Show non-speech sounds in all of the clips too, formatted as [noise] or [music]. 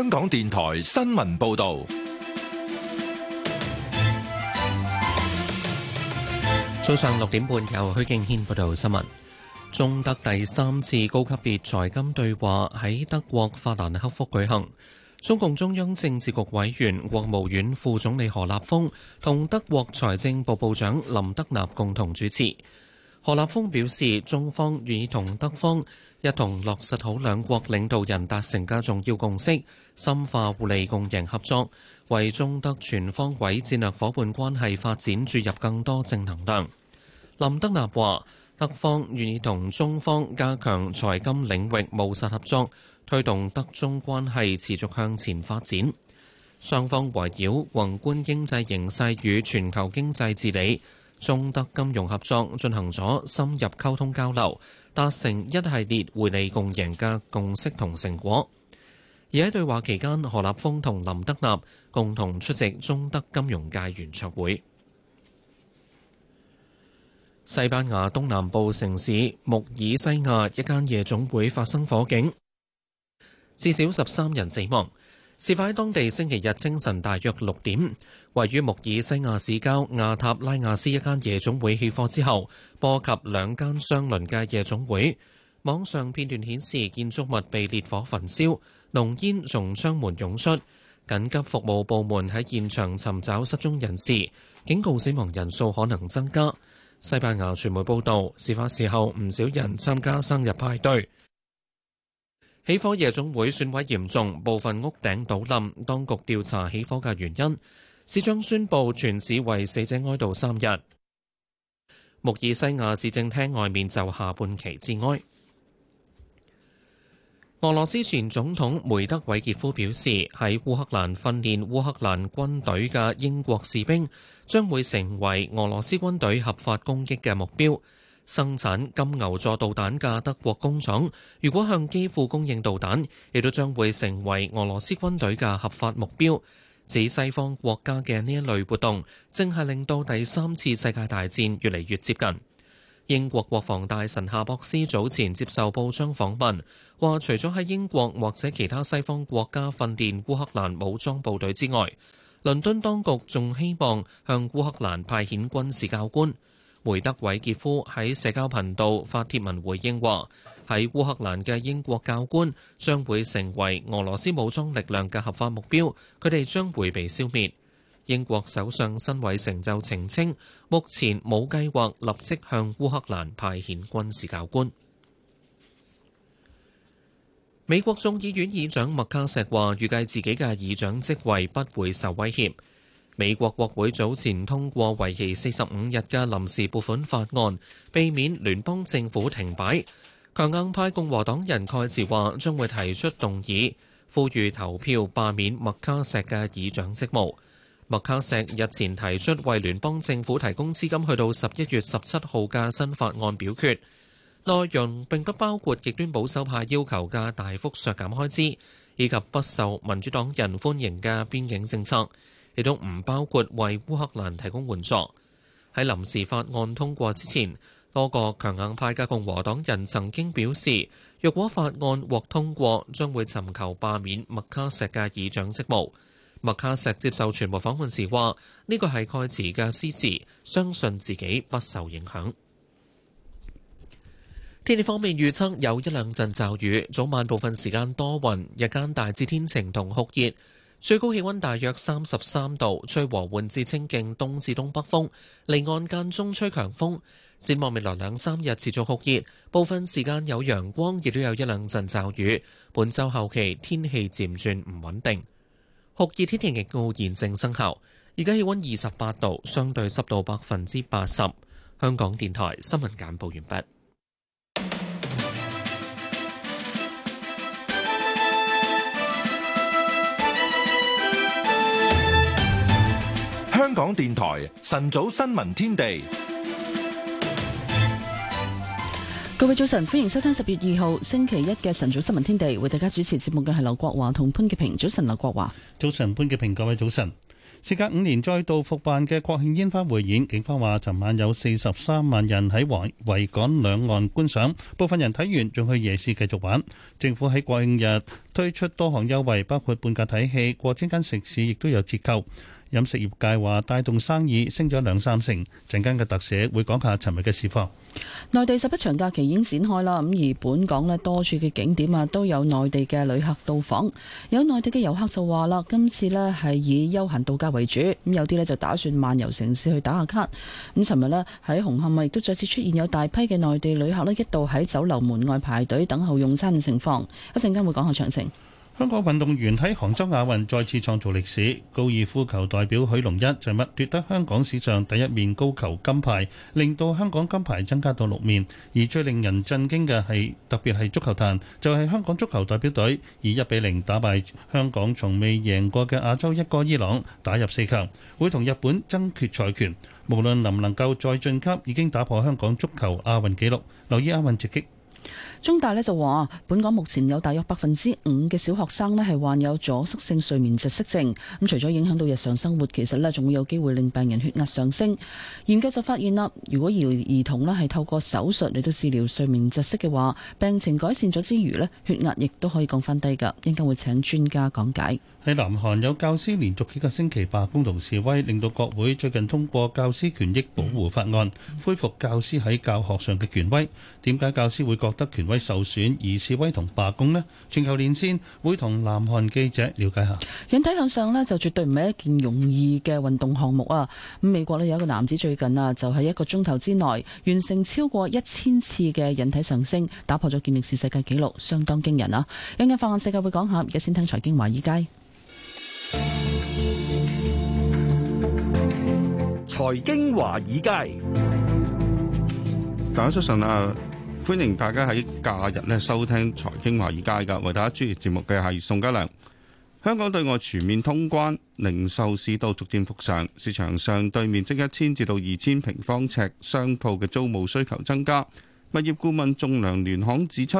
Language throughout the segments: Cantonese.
香港電台新聞報道，早上六點半由許敬軒報道新聞。中德第三次高級別財金對話喺德國法蘭克福舉行，中共中央政治局委員、國務院副總理何立峰同德國財政部部長林德納共同主持。何立峰表示，中方願意同德方，一同落實好兩國領導人達成嘅重要共識，深化互利共贏合作，為中德全方位戰略夥伴關係發展注入更多正能量。林德納話：德方願意同中方加強財金領域務實合作，推動德中關係持續向前發展。雙方圍繞宏觀經濟形勢與全球經濟治理、中德金融合作進行咗深入溝通交流。達成一系列互利共贏嘅共識同成果。而喺對話期間，何立峰同林德納共同出席中德金融界圓桌會。西班牙東南部城市穆爾西亞一間夜總會發生火警，至少十三人死亡。事發喺當地星期日清晨大約六點。位於穆爾西亞市郊亞塔拉亞斯一間夜總會起火之後，波及兩間相鄰嘅夜總會。網上片段顯示建築物被烈火焚燒，濃煙從窗門湧出。緊急服務部門喺現場尋找失蹤人士，警告死亡人數可能增加。西班牙傳媒報導，事發時候唔少人參加生日派對。起火夜總會損毀嚴重，部分屋頂倒冧。當局調查起火嘅原因。市將宣布全市為死者哀悼三日。穆爾西亞市政廳外面就下半旗致哀。俄羅斯前總統梅德韋傑夫表示，喺烏克蘭訓練烏克蘭軍隊嘅英國士兵，將會成為俄羅斯軍隊合法攻擊嘅目標。生產金牛座導彈嘅德國工廠，如果向基輔供應導彈，亦都將會成為俄羅斯軍隊嘅合法目標。指西方國家嘅呢一類活動，正係令到第三次世界大戰越嚟越接近。英國國防大臣夏博斯早前接受報章訪問，話除咗喺英國或者其他西方國家訓練烏克蘭武裝部隊之外，倫敦當局仲希望向烏克蘭派遣軍事教官。梅德韋傑夫喺社交頻道發帖文回應話：喺烏克蘭嘅英國教官將會成為俄羅斯武裝力量嘅合法目標，佢哋將會被消滅。英國首相辛偉誠就澄清，目前冇計劃立即向烏克蘭派遣軍事教官。美國眾議院議長麥卡錫話，預計自己嘅議長職位不會受威脅。美國國會早前通過為期四十五日嘅臨時撥款法案，避免聯邦政府停擺。強硬派共和黨人蓋茨話，將會提出動議，呼籲投票罷免麥卡錫嘅議長職務。麥卡錫日前提出為聯邦政府提供資金去到十一月十七號嘅新法案表決，內容並不包括極端保守派要求嘅大幅削減開支，以及不受民主黨人歡迎嘅邊境政策，亦都唔包括為烏克蘭提供援助。喺臨時法案通過之前，多個強硬派嘅共和黨人曾經表示，若果法案獲通過，將會尋求罷免麥卡錫嘅議長職務。麥卡錫接受傳媒訪問時話：呢個係蓋茨嘅私字，相信自己不受影響。天氣方面預測有一兩陣驟、驟雨，早晚部分時間多雲，日間大致天晴同酷熱，最高氣溫大約三十三度，吹和緩至清勁東至東北風，離岸間中吹強風。展望未來兩三日持續酷熱，部分時間有陽光，亦都有一兩陣驟雨。本周後期天氣漸轉唔穩定，酷熱天氣警告現正生效。而家氣溫二十八度，相對濕度百分之八十。香港電台新聞簡報完畢。香港電台晨早新聞天地。各位早晨，歡迎收聽十月二號星期一嘅晨早新聞天地，為大家主持節目嘅係劉國華同潘潔平。早晨，劉國華。早晨，潘潔平。各位早晨。時隔五年再度復辦嘅國慶煙花匯演，警方話尋晚有四十三萬人喺維港兩岸觀賞，部分人睇完仲去夜市繼續玩。政府喺國慶日推出多項優惠，包括半價睇戲，過千間食肆亦都有折扣。飲食業界話帶動生意升咗兩三成，陣間嘅特寫會講下尋日嘅市況。內地十一長假期已經展開啦，咁而本港呢多處嘅景點啊都有內地嘅旅客到訪。有內地嘅遊客就話啦，今次呢係以休閒度假為主，咁有啲呢就打算漫遊城市去打下卡。咁尋日呢喺紅磡呢亦都再次出現有大批嘅內地旅客呢一度喺酒樓門外排隊等候用餐嘅情況，一陣間會講下詳情。香港運動員喺杭州亞運再次創造歷史，高爾夫球代表許龍一就乜奪得香港史上第一面高球金牌，令到香港金牌增加到六面。而最令人震驚嘅係特別係足球壇就係、是、香港足球代表隊以一比零打敗香港從未贏過嘅亞洲一哥伊朗，打入四強會同日本爭決賽權，無論能唔能夠再晉級已經打破香港足球亞運紀錄，留意亞運直擊。中大呢就話，本港目前有大約百分之五嘅小學生呢係患有阻塞性睡眠窒息症。咁除咗影響到日常生活，其實呢仲會有機會令病人血壓上升。研究就發現啦，如果兒童呢係透過手術嚟到治療睡眠窒息嘅話，病情改善咗之餘呢，血壓亦都可以降翻低㗎。應該會請專家講解。喺南韓有教師連續幾個星期罷工同示威，令到國會最近通過教師權益保護法案，恢復教師喺教學上嘅權威。點解教師會覺得權威受損而示威同罷工呢？全球連線會同南韓記者瞭解下。引體向上呢，就絕對唔係一件容易嘅運動項目啊！咁美國呢，有一個男子最近啊，就喺一個鐘頭之內完成超過一千次嘅引體上升，打破咗健力士世界紀錄，相當驚人啊！今日放眼世界會講下，而家先聽財經華爾街。財經華爾街，大家早晨啊！歡迎大家喺假日咧收聽財經華爾街噶。為大家主持節目嘅係宋家良。香港對外全面通關，零售市道逐漸復常，市場上對面積一千至到二千平方尺商鋪嘅租務需求增加。物業顧問仲量聯行指出。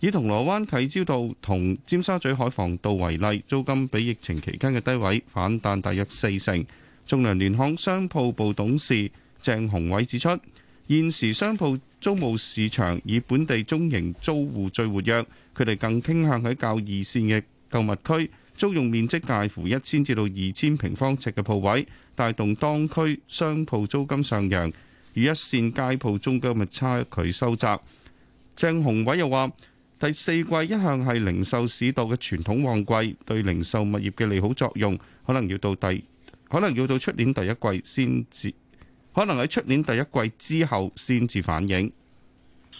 以銅鑼灣啟超道同尖沙咀海防道為例，租金比疫情期間嘅低位反彈大約四成。仲量聯行商鋪部董事鄭雄偉指出，現時商鋪租務市場以本地中型租戶最活躍，佢哋更傾向喺較二線嘅購物區租用面積介乎一千至到二千平方尺嘅鋪位，帶動當區商鋪租金上揚，與一線街鋪中間物差距收窄。鄭雄偉又話。第四季一向係零售市道嘅傳統旺季，對零售物業嘅利好作用，可能要到第，可能要到出年第一季先至，可能喺出年第一季之後先至反映。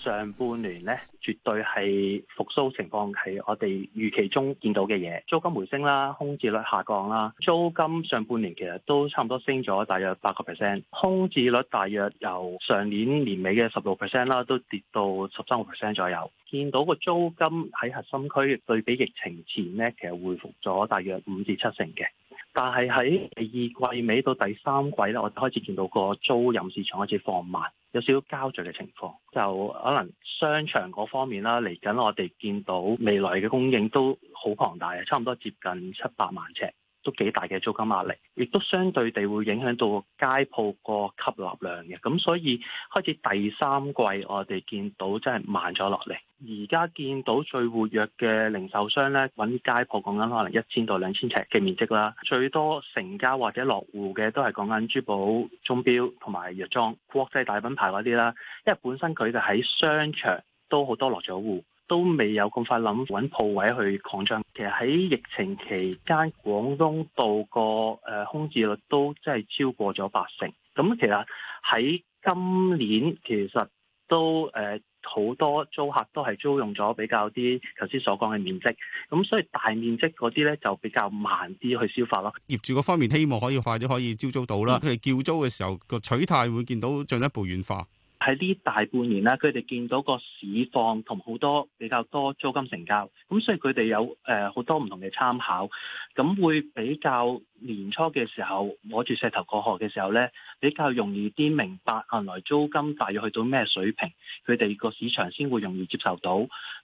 上半年咧，絕對係復甦情況係我哋預期中見到嘅嘢。租金回升啦，空置率下降啦。租金上半年其實都差唔多升咗大約八個 percent，空置率大約由上年年尾嘅十六 percent 啦，都跌到十三個 percent 左右。見到個租金喺核心區對比疫情前咧，其實回復咗大約五至七成嘅。但係喺第二季尾到第三季咧，我開始見到個租賃市場開始放慢，有少少膠著嘅情況，就可能商場嗰方面啦。嚟緊我哋見到未來嘅供應都好龐大嘅，差唔多接近七百萬尺，都幾大嘅租金壓力，亦都相對地會影響到街鋪個吸納量嘅。咁所以開始第三季我哋見到真係慢咗落嚟。而家見到最活躍嘅零售商呢，揾街鋪講緊可能一千到兩千尺嘅面積啦，最多成交或者落戶嘅都係講緊珠寶、鐘錶同埋藥妝國際大品牌嗰啲啦，因為本身佢哋喺商場都好多落咗戶，都未有咁快諗揾鋪位去擴張。其實喺疫情期間，廣東道個誒、呃、空置率都真係超過咗八成。咁其實喺今年其實都誒。呃好多租客都係租用咗比較啲頭先所講嘅面積，咁所以大面積嗰啲咧就比較慢啲去消化咯。業主嗰方面希望可以快啲可以招租到啦。佢哋、嗯、叫租嘅時候個取態會見到進一步軟化。喺呢大半年啦，佢哋見到個市況同好多比較多租金成交，咁所以佢哋有誒好多唔同嘅參考，咁會比較年初嘅時候摸住石頭過河嘅時候呢，比較容易啲明白原來租金大約去到咩水平，佢哋個市場先會容易接受到，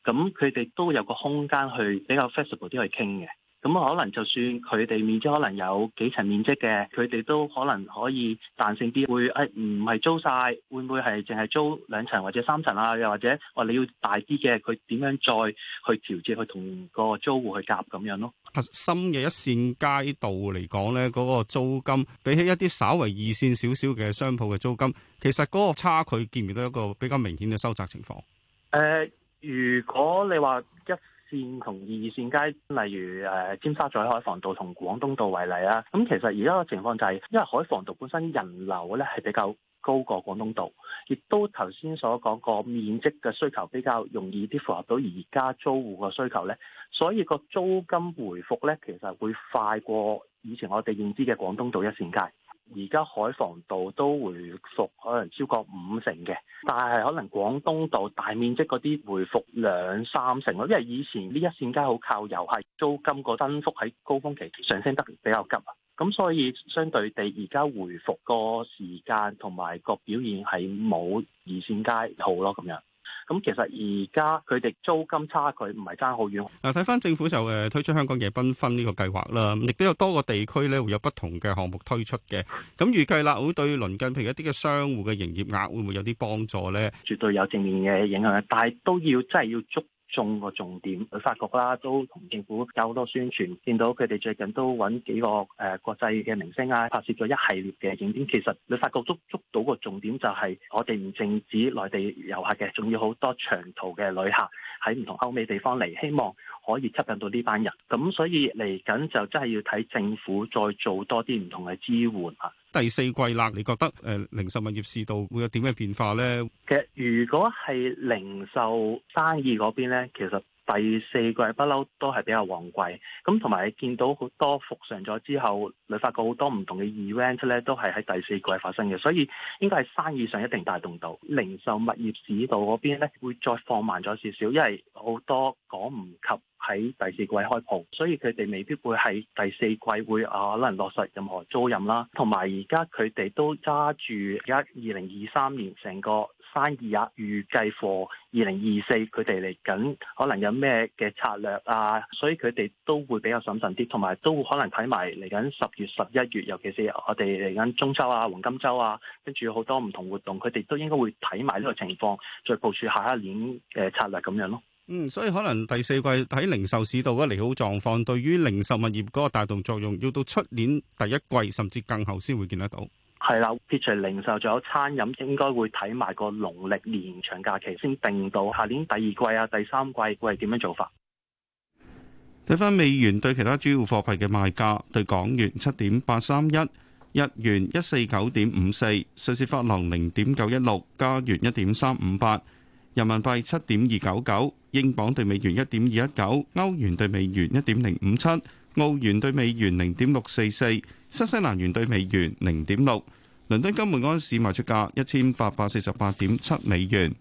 咁佢哋都有個空間去比較 flexible 啲去傾嘅。咁可能就算佢哋面積可能有幾層面積嘅，佢哋都可能可以彈性啲，會誒唔係租晒？會唔會係淨係租兩層或者三層啊？又或者話你要大啲嘅，佢點樣再去調節去同個租戶去夾咁樣咯？深嘅一線街道嚟講呢，嗰個租金比起一啲稍為二線少少嘅商鋪嘅租金，其實嗰個差距見唔到一個比較明顯嘅收窄情況。誒、呃，如果你話一線同二線街，例如誒尖沙咀海防道同廣東道為例啦。咁其實而家個情況就係，因為海防道本身人流咧係比較高過廣東道，亦都頭先所講個面積嘅需求比較容易啲符合到而家租戶個需求咧，所以個租金回復咧其實會快過以前我哋認知嘅廣東道一線街。而家海防道都回復可能超過五成嘅，但係可能廣東道大面積嗰啲回復兩三成咯。因為以前呢一線街好靠油，係租金個增幅喺高峰期上升得比較急啊，咁所以相對地而家回復個時間同埋個表現係冇二線街好咯咁樣。咁其實而家佢哋租金差距唔係爭好遠。嗱，睇翻政府就誒推出香港夜繽紛呢個計劃啦，亦都有多個地區咧，會有不同嘅項目推出嘅。咁預計啦，會對鄰近譬如一啲嘅商戶嘅營業額會唔會有啲幫助咧？絕對有正面嘅影響，但係都要真係要足。重個重點，你發覺啦，都同政府較多宣傳，見到佢哋最近都揾幾個誒、呃、國際嘅明星啊，拍攝咗一系列嘅影片。其實你發覺捉捉到個重點，就係我哋唔淨止內地遊客嘅，仲要好多長途嘅旅客喺唔同歐美地方嚟，希望。可以吸引到呢班人，咁所以嚟緊就真係要睇政府再做多啲唔同嘅支援啊！第四季啦，你覺得誒、呃、零售物業市道會有點樣變化咧？其實如果係零售生意嗰邊咧，其實。第四季不嬲都係比較旺季，咁同埋見到好多復常咗之後，你發覺好多唔同嘅 event 咧都係喺第四季發生嘅，所以應該係生意上一定帶動到零售物業市道嗰邊咧會再放慢咗少少，因為好多趕唔及喺第四季開鋪，所以佢哋未必會喺第四季會啊可能落實任何租任啦。同埋而家佢哋都揸住而家二零二三年成個。翻譯啊，預計貨二零二四佢哋嚟緊可能有咩嘅策略啊，所以佢哋都會比較審慎啲，同埋都可能睇埋嚟緊十月十一月，尤其是我哋嚟緊中秋啊、黃金周啊，跟住好多唔同活動，佢哋都應該會睇埋呢個情況，再部署下一年嘅策略咁樣咯。嗯，所以可能第四季喺零售市道嘅利好狀況，對於零售物業嗰個帶動作用，要到出年第一季甚至更後先會見得到。係啦，撇除零售，仲有餐飲，應該會睇埋個農曆年長假期先定到下年第二季啊、第三季會係點樣做法。睇返美元對其他主要貨幣嘅賣價：對港元七點八三一，日元一四九點五四，瑞士法郎零點九一六，加元一點三五八，人民幣七點二九九，英鎊對美元一點二一九，歐元對美元一點零五七。澳元兌美元零點六四四，新西蘭元兌美元零點六。倫敦金門安市賣出價一千八百四十八點七美元。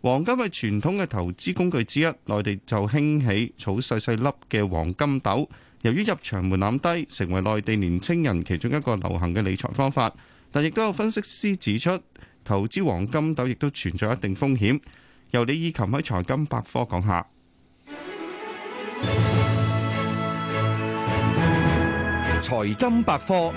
黃金係傳統嘅投資工具之一，內地就興起儲細細粒嘅黃金豆。由於入場門檻低，成為內地年青人其中一個流行嘅理財方法。但亦都有分析師指出，投資黃金豆亦都存在一定風險。由李以琴喺財金百科講下。 [music] 財金百科：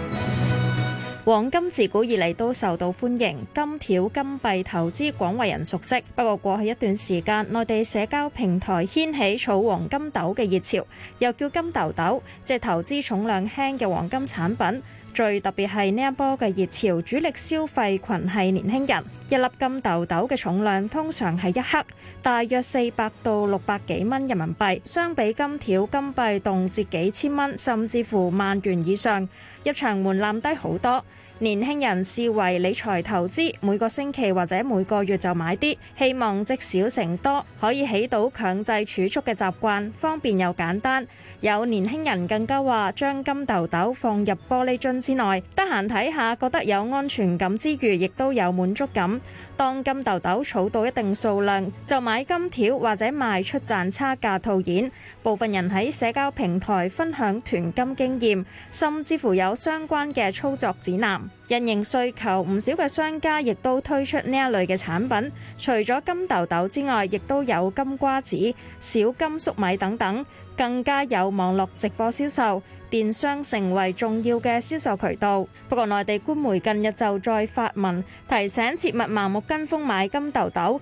黃金自古以來都受到歡迎，金條、金幣投資廣為人熟悉。不過過去一段時間，內地社交平台掀起儲黃金豆嘅熱潮，又叫金豆豆，即係投資重量輕嘅黃金產品。最特別係呢一波嘅熱潮，主力消費群係年輕人。一粒金豆豆嘅重量通常係一克，大約四百到六百幾蚊人民幣，相比金條、金幣動輒幾千蚊，甚至乎萬元以上，入場門檻低好多。年輕人視為理財投資，每個星期或者每個月就買啲，希望積少成多，可以起到強制儲蓄嘅習慣，方便又簡單。有年輕人更加話將金豆豆放入玻璃樽之內，得閒睇下，覺得有安全感之餘，亦都有滿足感。當金豆豆儲到一定數量，就買金條或者賣出賺差價套現。部分人喺社交平台分享囤金經驗，甚至乎有相關嘅操作指南。因應需求，唔少嘅商家亦都推出呢一類嘅產品。除咗金豆豆之外，亦都有金瓜子、小金粟米等等，更加有網絡直播銷售。電商成為重要嘅銷售渠道，不過內地官媒近日就再發文提醒，切勿盲目跟風買金豆豆。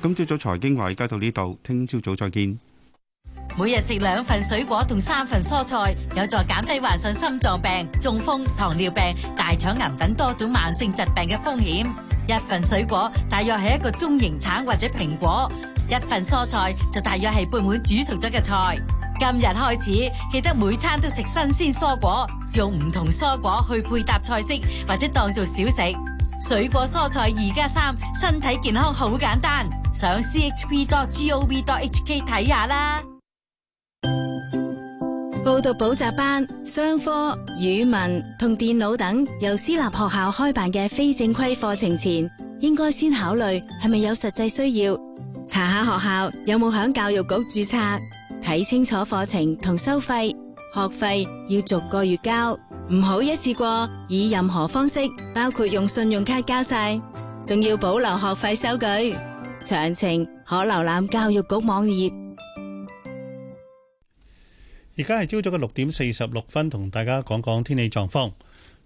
咁朝早財經話而家到呢度，聽朝早再見。每日食兩份水果同三份蔬菜，有助減低患上心臟病、中風、糖尿病、大腸癌等多種慢性疾病嘅風險。一份水果大約係一個中型橙或者蘋果，一份蔬菜就大約係半碗煮熟咗嘅菜。今日開始，記得每餐都食新鮮蔬果，用唔同蔬果去配搭菜式，或者當做小食。水果蔬菜二加三，身體健康好簡單，上 chp.gov.hk 睇下啦。報讀補習班、商科、語文同電腦等由私立學校開辦嘅非正規課程前，應該先考慮係咪有實際需要，查下學校有冇響教育局註冊，睇清楚課程同收費。學費要逐個月交，唔好一次過以任何方式，包括用信用卡交晒，仲要保留學費收據。詳情可瀏覽教育局網頁。而家係朝早嘅六點四十六分，同大家講講天氣狀況。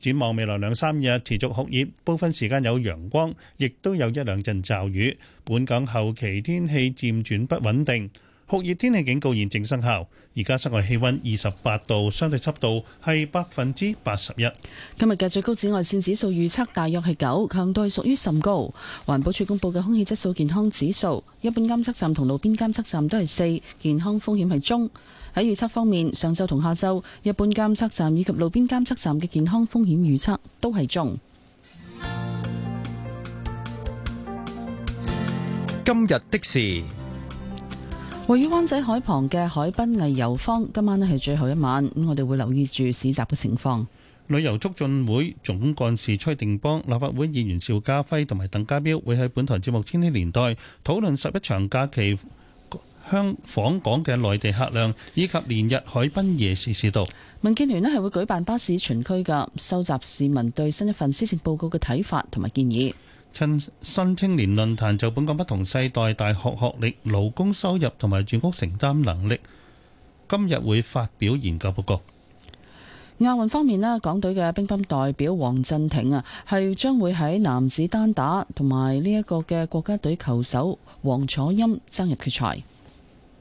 展望未來兩三日持續酷熱，部分時間有陽光，亦都有一兩陣驟雨。本港後期天氣漸轉不穩定，酷熱天氣警告現正生效。而家室外氣溫二十八度，相對濕度係百分之八十一。今日嘅最高紫外線指數預測大約係九，強度係屬於甚高。環保署公佈嘅空氣質素健康指數，一般監測站同路邊監測站都係四，健康風險係中。喺預測方面，上周同下周，日本監測站以及路邊監測站嘅健康風險預測都係中。今日的事，位於灣仔海旁嘅海濱藝遊坊，今晚咧係最後一晚，咁我哋會留意住市集嘅情況。旅遊促進會總幹事崔定邦、立法會議員邵家輝同埋鄧家彪會喺本台節目《千禧年代》討論十一長假期。香港訪港嘅內地客量以及連日海濱夜市市道，民建聯咧係會舉辦巴士全區嘅收集市民對新一份施政報告嘅睇法同埋建議。趁新青年論壇就本港不同世代、大學學歷、勞工收入同埋住屋承擔能力，今日會發表研究報告。亞運方面咧，港隊嘅乒乓代表黃鎮廷啊，係將會喺男子單打同埋呢一個嘅國家隊球手王楚欽，爭入決賽。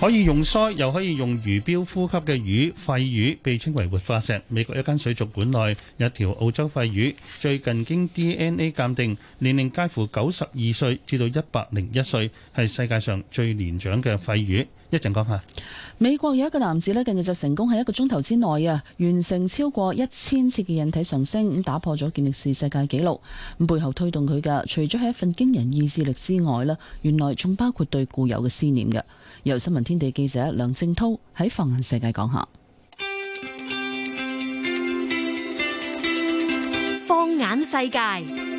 可以用腮又可以用魚標呼吸嘅魚肺魚，被稱為活化石。美國一間水族館內，有一條澳洲肺魚最近經 D N A 鑒定，年齡介乎九十二歲至到一百零一歲，係世界上最年長嘅肺魚。一陣講下，美國有一個男子咧，近日就成功喺一個鐘頭之內啊，完成超過一千次嘅引體上升，咁打破咗健力士世界紀錄。咁背後推動佢嘅除咗係一份驚人意志力之外咧，原來仲包括對固有嘅思念嘅。由新聞天地記者梁正濤喺放眼世界講下，放眼世界。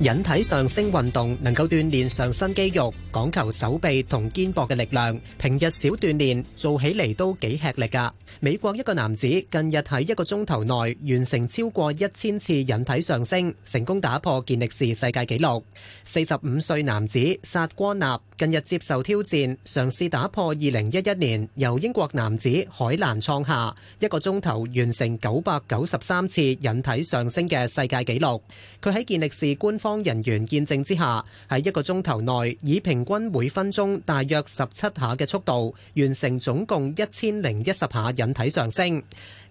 引體上升運動能夠鍛煉上身肌肉，講求手臂同肩膊嘅力量。平日少鍛煉，做起嚟都幾吃力㗎。美國一個男子近日喺一個鐘頭內完成超過一千次引體上升，成功打破健力士世界紀錄。四十五歲男子薩戈納。近日接受挑戰，嘗試打破二零一一年由英國男子海蘭創下一個鐘頭完成九百九十三次引體上升嘅世界紀錄。佢喺健力士官方人員見證之下，喺一個鐘頭內以平均每分鐘大約十七下嘅速度，完成總共一千零一十下引體上升。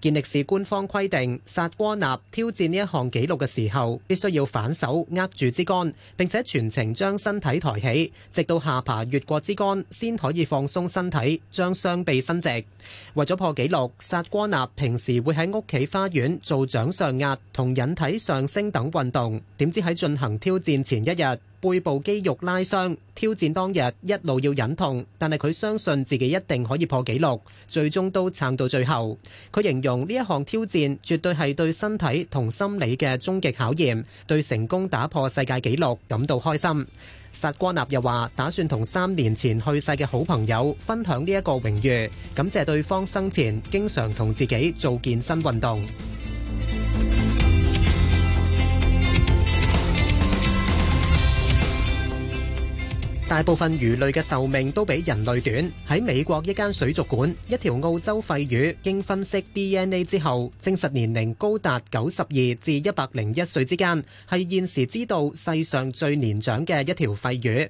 健力士官方規定，薩哥納挑戰呢一項紀錄嘅時候，必須要反手握住支竿，並且全程將身體抬起，直到下爬越過支竿先可以放鬆身體，將雙臂伸直。為咗破紀錄，薩哥納平時會喺屋企花園做掌上壓同引體上升等運動。點知喺進行挑戰前一日，背部肌肉拉傷，挑戰當日一路要忍痛，但係佢相信自己一定可以破紀錄，最終都撐到最後。佢形容呢一項挑戰絕對係對身體同心理嘅終極考驗，對成功打破世界紀錄感到開心。薩加納又話，打算同三年前去世嘅好朋友分享呢一個榮譽，感謝對方生前經常同自己做健身運動。大部分魚類嘅壽命都比人類短。喺美國一間水族館，一條澳洲肺魚，經分析 DNA 之後，證實年齡高達九十二至一百零一歲之間，係現時知道世上最年長嘅一條肺魚。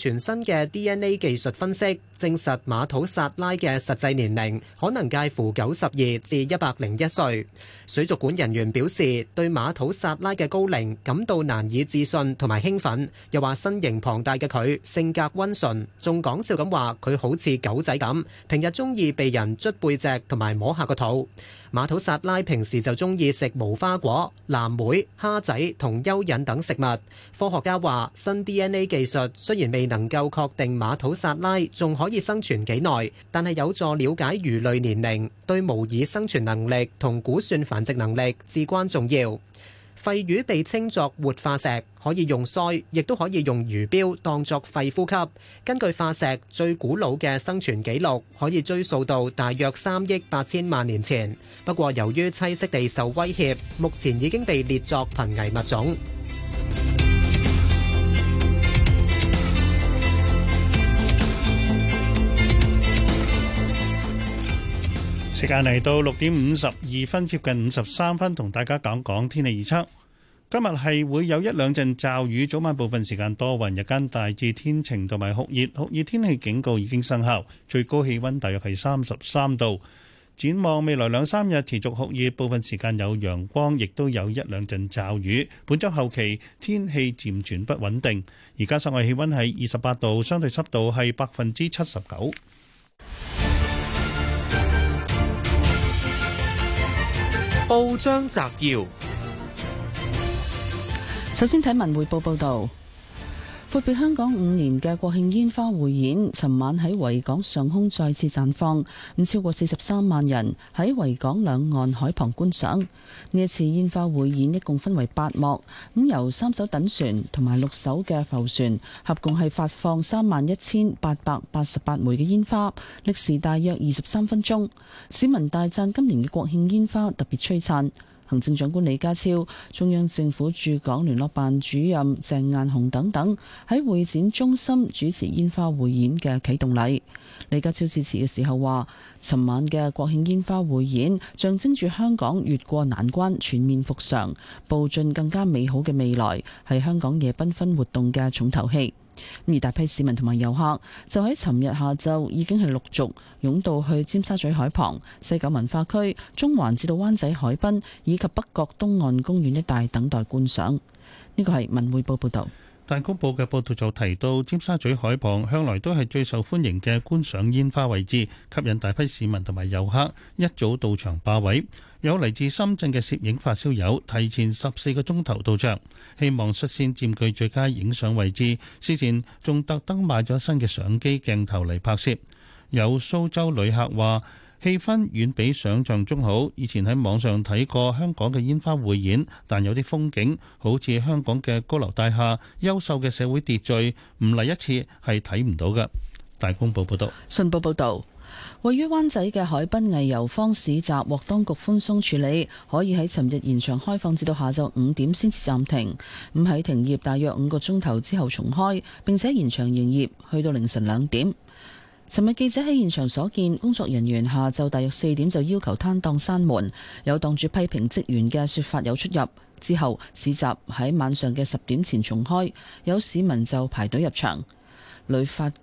全新嘅 DNA 技術分析，證實馬土薩拉嘅實際年齡可能介乎九十二至一百零一歲。水族館人員表示，對馬土薩拉嘅高齡感到難以置信同埋興奮，又話身形龐大嘅佢性格溫順，仲講笑咁話佢好似狗仔咁，平日中意被人捽背脊同埋摸下個肚。馬土薩拉平時就中意食無花果、藍莓、蝦仔同蚯蚓等食物。科學家話，新 DNA 技術雖然未能夠確定馬土薩拉仲可以生存幾耐，但係有助了解魚類年齡，對模擬生存能力同估算繁殖能力至關重要。肺魚被稱作活化石，可以用鰓，亦都可以用魚鰾當作肺呼吸。根據化石最古老嘅生存紀錄，可以追溯到大約三億八千萬年前。不過，由於棲息地受威脅，目前已經被列作瀕危物種。時間嚟到六點五十二分，接近五十三分，同大家講講天氣預測。今日係會有一兩陣驟雨，早晚部分時間多雲，日間大致天晴同埋酷熱，酷熱天氣警告已經生效，最高氣溫大約係三十三度。展望未來兩三日持續酷熱，部分時間有陽光，亦都有一兩陣驟雨。本周後期天氣漸轉不穩定。而家室外氣溫係二十八度，相對濕度係百分之七十九。報章摘要：首先睇文匯報報道。闊別香港五年嘅國慶煙花匯演，尋晚喺維港上空再次綻放，唔超過四十三萬人喺維港兩岸海旁觀賞。呢一次煙花匯演一共分為八幕，咁由三艘躉船同埋六艘嘅浮船合共係發放三萬一千八百八十八枚嘅煙花，歷時大約二十三分鐘。市民大讚今年嘅國慶煙花特別璀璨。行政長官李家超、中央政府駐港聯絡辦主任鄭雁雄等等喺會展中心主持煙花匯演嘅啟動禮。李家超致辭嘅時候話，尋晚嘅國慶煙花匯演象徵住香港越過難關、全面復常、步進更加美好嘅未來，係香港夜繽紛活動嘅重頭戲。而大批市民同埋遊客就喺尋日下晝已經係陸續湧到去尖沙咀海旁、西九文化區、中環至到灣仔海濱以及北角東岸公園一帶等待觀賞。呢個係文匯報報道。大公報嘅報道就提到，尖沙咀海旁向來都係最受歡迎嘅觀賞煙花位置，吸引大批市民同埋遊客一早到場霸位。有嚟自深圳嘅攝影發燒友提前十四個鐘頭到場，希望率先佔據最佳影相位置。事前仲特登買咗新嘅相機鏡頭嚟拍攝。有蘇州旅客話。氣氛遠比想像中好。以前喺網上睇過香港嘅煙花匯演，但有啲風景好似香港嘅高樓大廈、優秀嘅社會秩序，唔嚟一次係睇唔到㗎。大公報報道：「信報報道，位於灣仔嘅海濱藝遊坊市集獲當局寬鬆處理，可以喺尋日延長開放至到下晝五點先至暫停。咁喺停業大約五個鐘頭之後重開，並且延長營業去到凌晨兩點。尋日記者喺現場所見，工作人員下晝大約四點就要求攤檔閂門，有檔主批評職員嘅説法有出入。之後市集喺晚上嘅十點前重開，有市民就排隊入場。旅發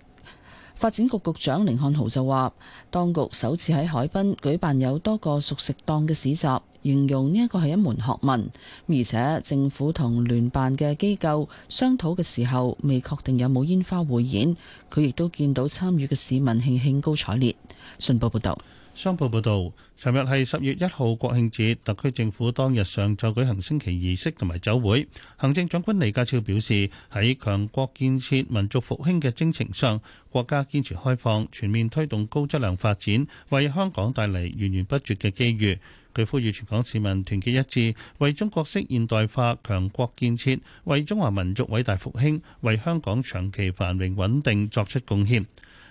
發展局局長甯漢豪就話，當局首次喺海濱舉辦有多個熟食檔嘅市集。形容呢一個係一門學問，而且政府同聯辦嘅機構商討嘅時候，未確定有冇煙花匯演。佢亦都見到參與嘅市民興興高采烈。信報報道，商報報道，尋日係十月一號國慶節，特區政府當日上晝舉行升旗儀式同埋酒會。行政長官李家超表示，喺強國建設民族復興嘅徵程上，國家堅持開放，全面推動高質量發展，為香港帶嚟源源不絕嘅機遇。佢呼籲全港市民團結一致，為中國式現代化強國建設，為中華民族偉大復興，為香港長期繁榮穩定作出貢獻。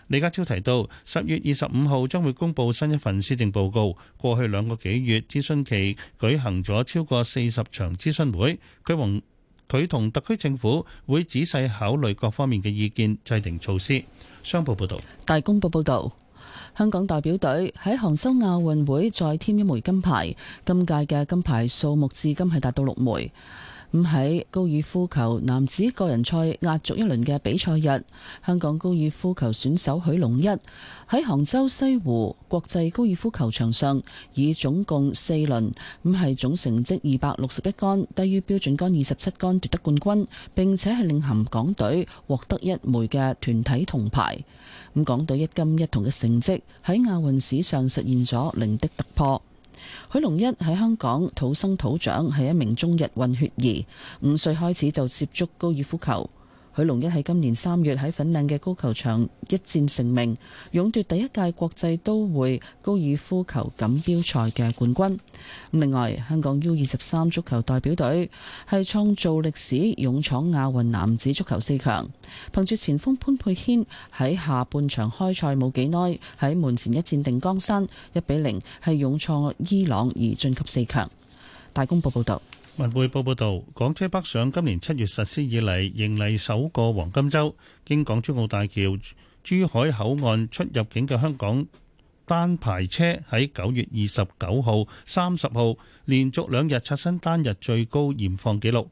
李家超提到，十月二十五號將會公布新一份施政報告。過去兩個幾月諮詢期舉行咗超過四十場諮詢會，佢同佢同特區政府會仔細考慮各方面嘅意見，制定措施。商報報道。大公報報道。香港代表隊喺杭州亞運會再添一枚金牌，今屆嘅金牌數目至今係達到六枚。咁喺高爾夫球男子個人賽壓軸一輪嘅比賽日，香港高爾夫球選手許龍一喺杭州西湖國際高爾夫球場上，以總共四輪咁係總成績二百六十一桿，低於標準桿二十七桿奪得冠軍，並且係領銜港隊獲得一枚嘅團體銅牌。咁港隊一金一銅嘅成績喺亞運史上實現咗零的突破。許龍一喺香港土生土長，係一名中日混血兒，五歲開始就涉足高爾夫球。許龍一喺今年三月喺粉嶺嘅高球場一戰成名，勇奪第一屆國際都會高爾夫球錦標賽嘅冠軍。另外，香港 U 二十三足球代表隊係創造歷史，勇闖亞運男子足球四強。憑住前鋒潘佩軒喺下半場開賽冇幾耐喺門前一戰定江山，一比零係勇闖伊朗而晉級四強。大公報報道。文匯報報道，港車北上今年七月實施以嚟，迎嚟首個黃金周，經港珠澳大橋珠海口岸出入境嘅香港單牌車喺九月二十九號、三十號連續兩日刷新單日最高驗放紀錄。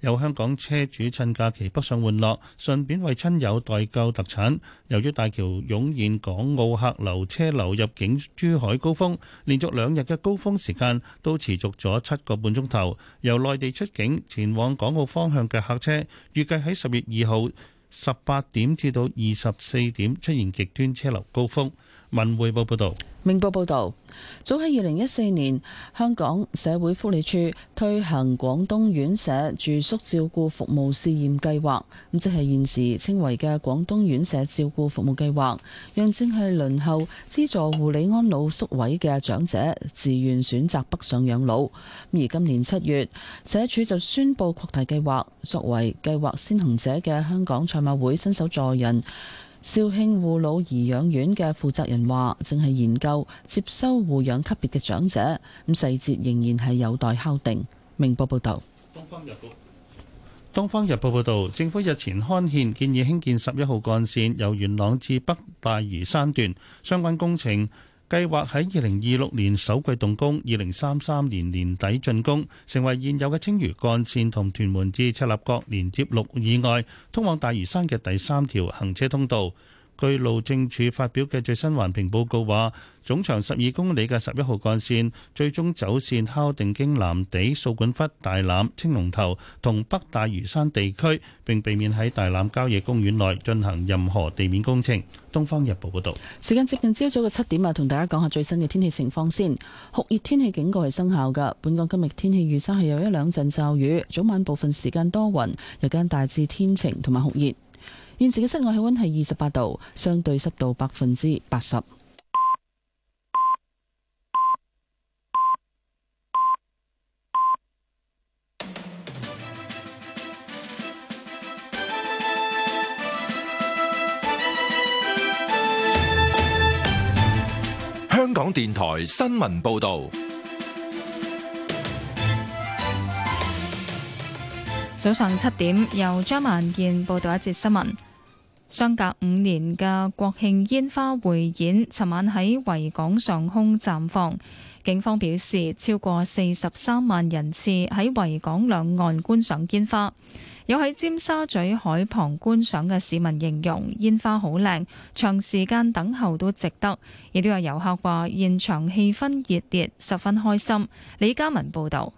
有香港車主趁假期北上玩樂，順便為親友代購特產。由於大橋湧現港澳客流車流入境珠海高峰，連續兩日嘅高峰時間都持續咗七個半鐘頭，由內地出境前往港澳方向嘅客車預計喺十月二號十八點至到二十四點出現極端車流高峰。文匯報報道，明報報道，早喺二零一四年，香港社會福利處推行廣東院舍住宿照顧服務試驗計劃，咁即係現時稱為嘅廣東院舍照顧服務計劃，讓正係輪候資助護理安老宿位嘅長者自願選擇北上養老。而今年七月，社署就宣布擴大計劃，作為計劃先行者嘅香港賽馬會伸手助人。肇慶護老頤養院嘅負責人話：正係研究接收護養級別嘅長者，咁細節仍然係有待敲定。明報報道。東方日報，東方日報報道，政府日前刊憲，建議興建十一號幹線，由元朗至北大嶼山段，相關工程，計劃喺二零二六年首季動工，二零三三年年底竣工，成為現有嘅青嶼幹線同屯門至赤鱲角連接路以外通往大嶼山嘅第三條行車通道。據路政署發表嘅最新環評報告話，總長十二公里嘅十一號幹線最終走線敲定經藍地、掃管笏、大欖、青龍頭同北大嶼山地區，並避免喺大欖郊野公園內進行任何地面工程。東方日報報道。時間接近朝早嘅七點啊，同大家講下最新嘅天氣情況先。酷熱天氣警告係生效噶，本港今日天氣預測係有一兩陣驟雨，早晚部分時間多雲，日間大致天晴同埋酷熱。現時嘅室外氣温係二十八度，相對濕度百分之八十。香港電台新聞報道，早上七點，由張萬健報道一節新聞。相隔五年嘅國慶煙花匯演，尋晚喺維港上空綻放。警方表示，超過四十三萬人次喺維港兩岸觀賞煙花，有喺尖沙咀海旁觀賞嘅市民形容煙花好靚，長時間等候都值得。亦都有遊客話，現場氣氛熱烈，十分開心。李嘉文報道。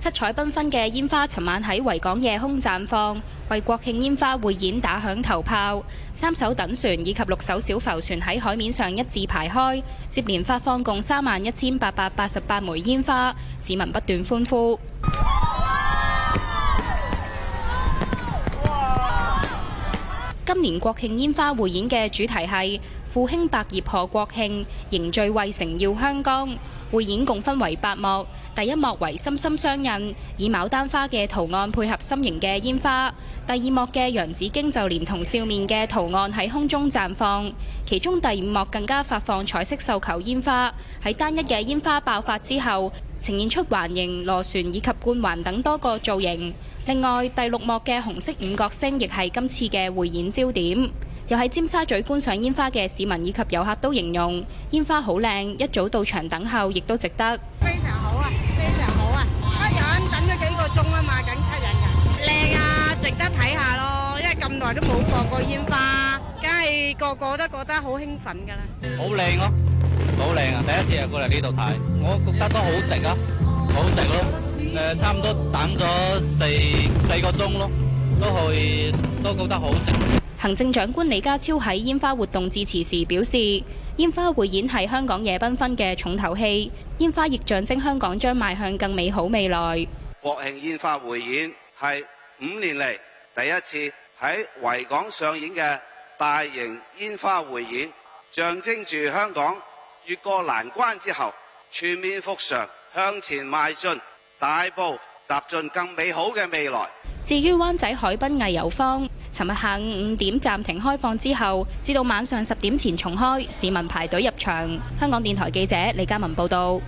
七彩繽紛嘅煙花尋晚喺維港夜空綻放，為國慶煙花匯演打響頭炮。三艘躉船以及六艘小浮船喺海面上一字排開，接連發放共三萬一千八百八十八枚煙花，市民不斷歡呼。 [laughs] 今年國慶煙花匯演嘅主題係“富興百業賀國慶，凝聚衛城耀香江”。匯演共分為八幕，第一幕為心心相印，以牡丹花嘅圖案配合心形嘅煙花；第二幕嘅楊紫荊就連同笑面嘅圖案喺空中綻放，其中第五幕更加發放彩色繡球煙花，喺單一嘅煙花爆發之後，呈現出環形、螺旋以及冠環等多個造型。另外，第六幕嘅紅色五角星亦係今次嘅匯演焦點。又喺尖沙咀觀賞煙花嘅市民以及遊客都形容煙花好靚，一早到場等候亦都值得。非常好啊，非常好啊！吸引等咗幾個鐘啊嘛，咁吸引噶。靚啊，值得睇下咯，因為咁耐都冇放過煙花，梗係個個都覺得好興奮㗎啦。好靚咯，好靚啊！第一次係過嚟呢度睇，我覺得都好值啊，好值咯。誒，差唔多等咗四四個鐘咯，都可以都覺得好值。行政長官李家超喺煙花活動致辭時表示，煙花匯演係香港夜繽紛嘅重頭戲，煙花亦象徵香港將邁向更美好未來。國慶煙花匯演係五年嚟第一次喺維港上演嘅大型煙花匯演，象徵住香港越過難關之後全面復常，向前邁進，大步踏進更美好嘅未來。至於灣仔海濱藝遊坊，琴日下午五點暫停開放之後，至到晚上十點前重開，市民排隊入場。香港電台記者李嘉文報道。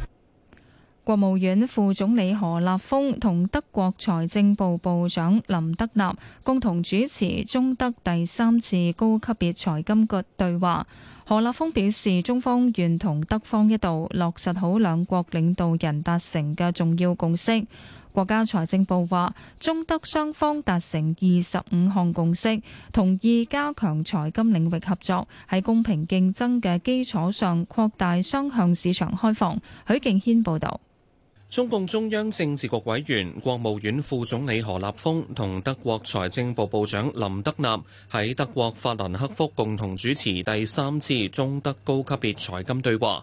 國務院副總理何立峰同德國財政部部長林德納共同主持中德第三次高級別財金局對話。何立峰表示，中方願同德方一道落實好兩國領導人達成嘅重要共識。國家財政部話，中德雙方達成二十五項共識，同意加強財金領域合作，喺公平競爭嘅基礎上擴大雙向市場開放。許敬軒報導。中共中央政治局委員、國務院副總理何立峰同德國財政部部長林德納喺德國法蘭克福共同主持第三次中德高級別財金對話。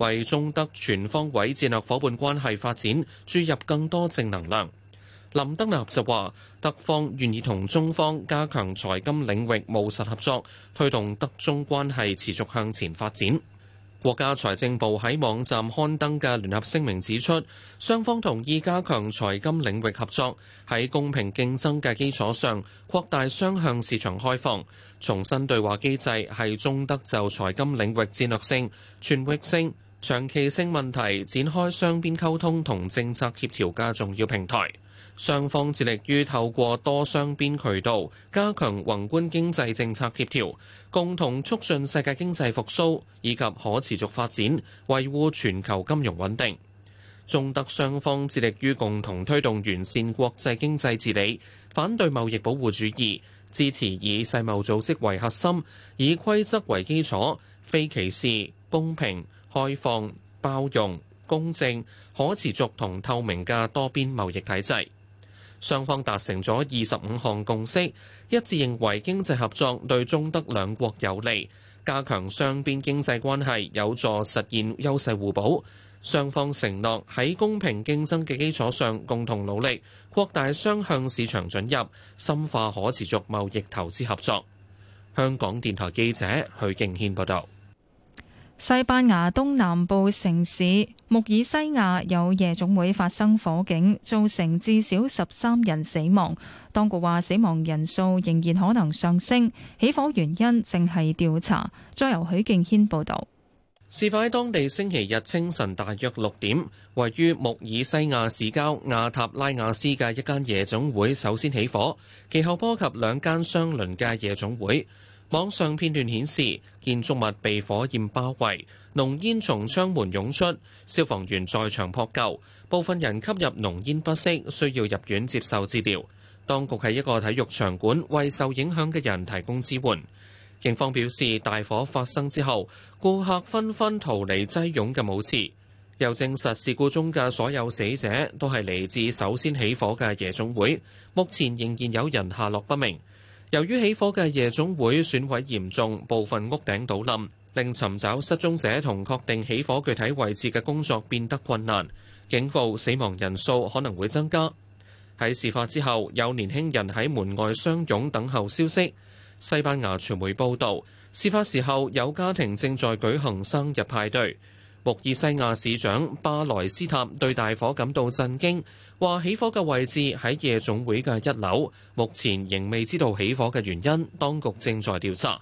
為中德全方位戰略伙伴關係發展注入更多正能量。林德納就話德方願意同中方加強財金領域務實合作，推動德中關係持續向前發展。國家財政部喺網站刊登嘅聯合聲明指出，雙方同意加強財金領域合作，喺公平競爭嘅基礎上擴大雙向市場開放，重新對話機制係中德就財金領域戰略性、全域性、長期性問題，展開雙邊溝通同政策協調嘅重要平台。雙方致力於透過多雙邊渠道加強宏觀經濟政策協調，共同促進世界經濟復甦以及可持續發展，維護全球金融穩定。中德雙方致力於共同推動完善國際經濟治理，反對貿易保護主義，支持以世貿組織為核心、以規則為基礎、非歧視、公平。開放、包容、公正、可持續同透明嘅多邊貿易體制，雙方達成咗二十五項共識，一致認為經濟合作對中德兩國有利，加強雙邊經濟關係有助實現優勢互補。雙方承諾喺公平競爭嘅基礎上共同努力，擴大雙向市場准入，深化可持續貿易投資合作。香港電台記者許敬軒報道。西班牙東南部城市穆爾西亞有夜總會發生火警，造成至少十三人死亡。當局話死亡人數仍然可能上升，起火原因正係調查。再由許敬軒報導。事發喺當地星期日清晨大約六點，位於穆爾西亞市郊亞塔拉亞斯嘅一間夜總會首先起火，其後波及兩間相鄰嘅夜總會。網上片段顯示。建築物被火焰包圍，濃煙從窗門湧出，消防員在場撲救，部分人吸入濃煙不適，需要入院接受治療。當局喺一個體育場館為受影響嘅人提供支援。警方表示，大火發生之後，顧客紛紛紛逃離擠擁嘅舞池，又證實事故中嘅所有死者都係嚟自首先起火嘅夜總會。目前仍然有人下落不明。由於起火嘅夜總會損毀嚴重，部分屋頂倒冧，令尋找失蹤者同確定起火具體位置嘅工作變得困難，警告死亡人數可能會增加。喺事發之後，有年輕人喺門外相擁等候消息。西班牙傳媒報導，事發時候有家庭正在舉行生日派對。穆爾西亞市長巴萊斯塔對大火感到震驚，話起火嘅位置喺夜總會嘅一樓，目前仍未知道起火嘅原因，當局正在調查。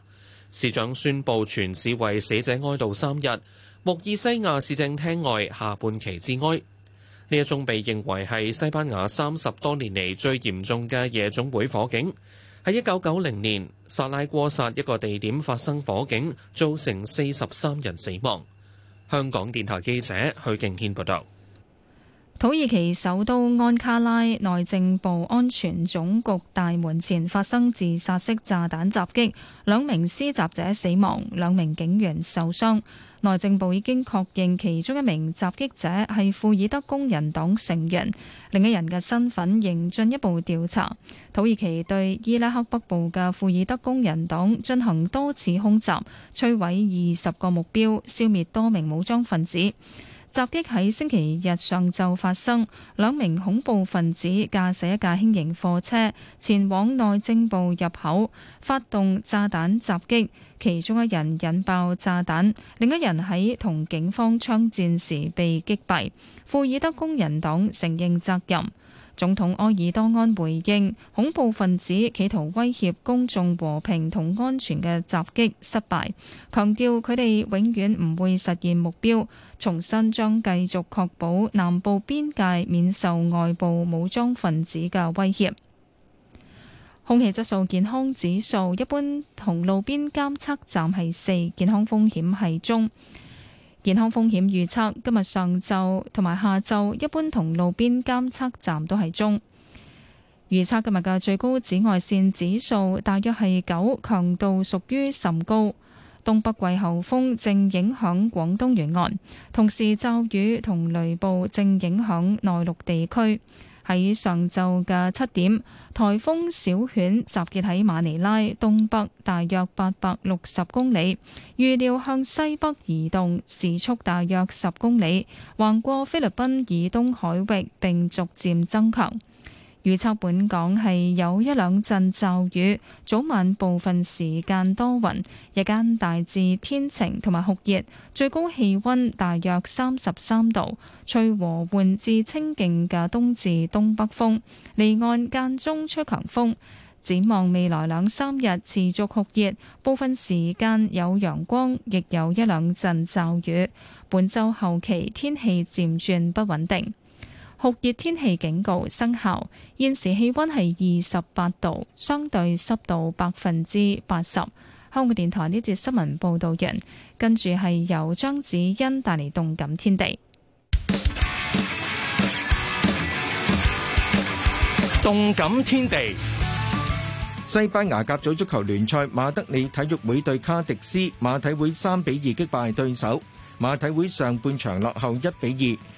市長宣布全市為死者哀悼三日，穆爾西亞市政廳外下半旗致哀。呢一宗被認為係西班牙三十多年嚟最嚴重嘅夜總會火警，喺一九九零年薩拉戈薩一個地點發生火警，造成四十三人死亡。香港電台記者許敬軒報道：土耳其首都安卡拉內政部安全總局大門前發生自殺式炸彈襲擊，兩名施襲者死亡，兩名警員受傷。內政部已經確認其中一名襲擊者係庫爾德工人黨成員，另一人嘅身份仍進一步調查。土耳其對伊拉克北部嘅庫爾德工人黨進行多次空襲，摧毀二十個目標，消滅多名武裝分子。襲擊喺星期日上晝發生，兩名恐怖分子駕駛一架輕型貨車前往內政部入口，發動炸彈襲擊。其中一人引爆炸彈，另一人喺同警方槍戰時被擊斃。庫爾德工人黨承認責任。總統埃爾多安回應，恐怖分子企圖威脅公眾和平同安全嘅襲擊失敗，強調佢哋永遠唔會實現目標，重新將繼續確保南部邊界免受外部武裝分子嘅威脅。空氣質素健康指數一般同路邊監測站係四，健康風險係中。健康風險預測今日上晝同埋下晝一般同路邊監測站都係中。預測今日嘅最高紫外線指數大約係九，強度屬於甚高。東北季候風正影響廣東沿岸，同時驟雨同雷暴正影響內陸地區。喺上晝嘅七點，颱風小犬集結喺馬尼拉東北大約八百六十公里，預料向西北移動，時速大約十公里，橫過菲律賓以東海域，並逐漸增強。預測本港係有一兩陣驟雨，早晚部分時間多雲，日間大致天晴同埋酷熱，最高氣溫大約三十三度，吹和緩至清勁嘅東至東北風，離岸間中吹強風。展望未來兩三日持續酷熱，部分時間有陽光，亦有一兩陣驟雨。本周後期天氣漸轉不穩定。酷熱天氣警告生效，現時氣溫係二十八度，相對濕度百分之八十。香港電台呢節新聞報道完，跟住係由張子欣帶嚟動感天地。動感天地，西班牙甲組足球聯賽，馬德里體育會對卡迪斯，馬體會三比二擊敗對手。馬體會上半場落後一比二。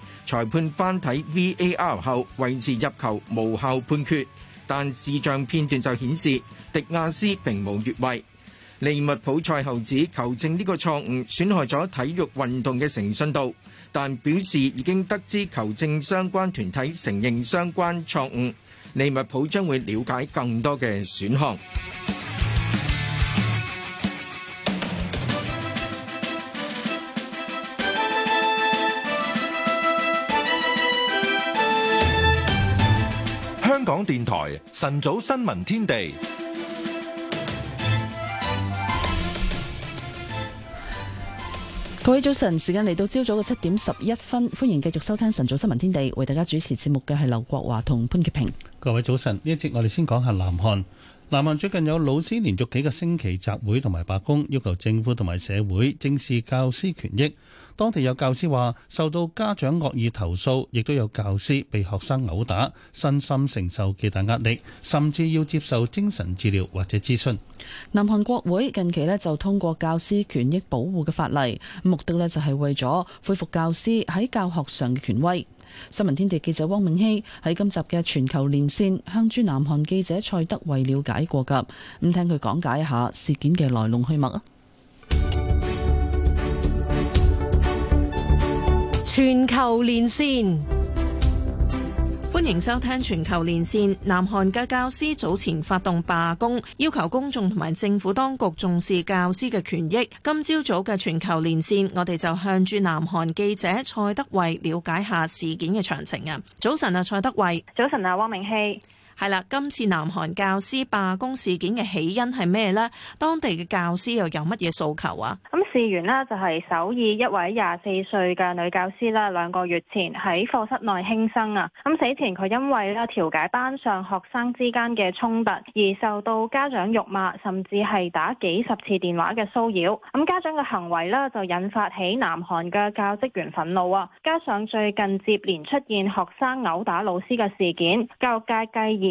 裁判翻睇 VAR 後維持入球無效判決，但視像片段就顯示迪亞斯並無越位。利物浦賽後指球證呢個錯誤損害咗體育運動嘅誠信度，但表示已經得知球證相關團體承認相關錯誤，利物浦將會了解更多嘅選項。香港電台晨早新聞天地，各位早晨，時間嚟到朝早嘅七點十一分，歡迎繼續收聽晨早新聞天地，為大家主持節目嘅係劉國華同潘潔平。各位早晨，呢一節我哋先講下南韓。南韓最近有老師連續幾個星期集會同埋罷工，要求政府同埋社會正視教師權益。當地有教師話，受到家長惡意投訴，亦都有教師被學生毆打，身心承受巨大壓力，甚至要接受精神治療或者諮詢。南韓國會近期咧就通過教師權益保護嘅法例，目的咧就係為咗恢復教師喺教學上嘅權威。新聞天地記者汪明熙喺今集嘅全球連線，向駐南韓記者蔡德偉了解過㗎，咁聽佢講解一下事件嘅來龍去脈啊！全球連線，歡迎收聽全球連線。南韓嘅教師早前發動罷工，要求公眾同埋政府當局重視教師嘅權益。今朝早嘅全球連線，我哋就向住南韓記者蔡德偉了解下事件嘅詳情啊！早晨啊，蔡德偉。早晨啊，汪明熙。係啦，今次南韓教師罷工事件嘅起因係咩呢？當地嘅教師又有乜嘢訴求啊？咁事源呢，就係首爾一位廿四歲嘅女教師啦，兩個月前喺課室內輕生啊！咁死前佢因為呢調解班上學生之間嘅衝突，而受到家長辱罵，甚至係打幾十次電話嘅騷擾。咁家長嘅行為呢，就引發起南韓嘅教職員憤怒啊！加上最近接連出現學生毆打老師嘅事件，教育界繼而，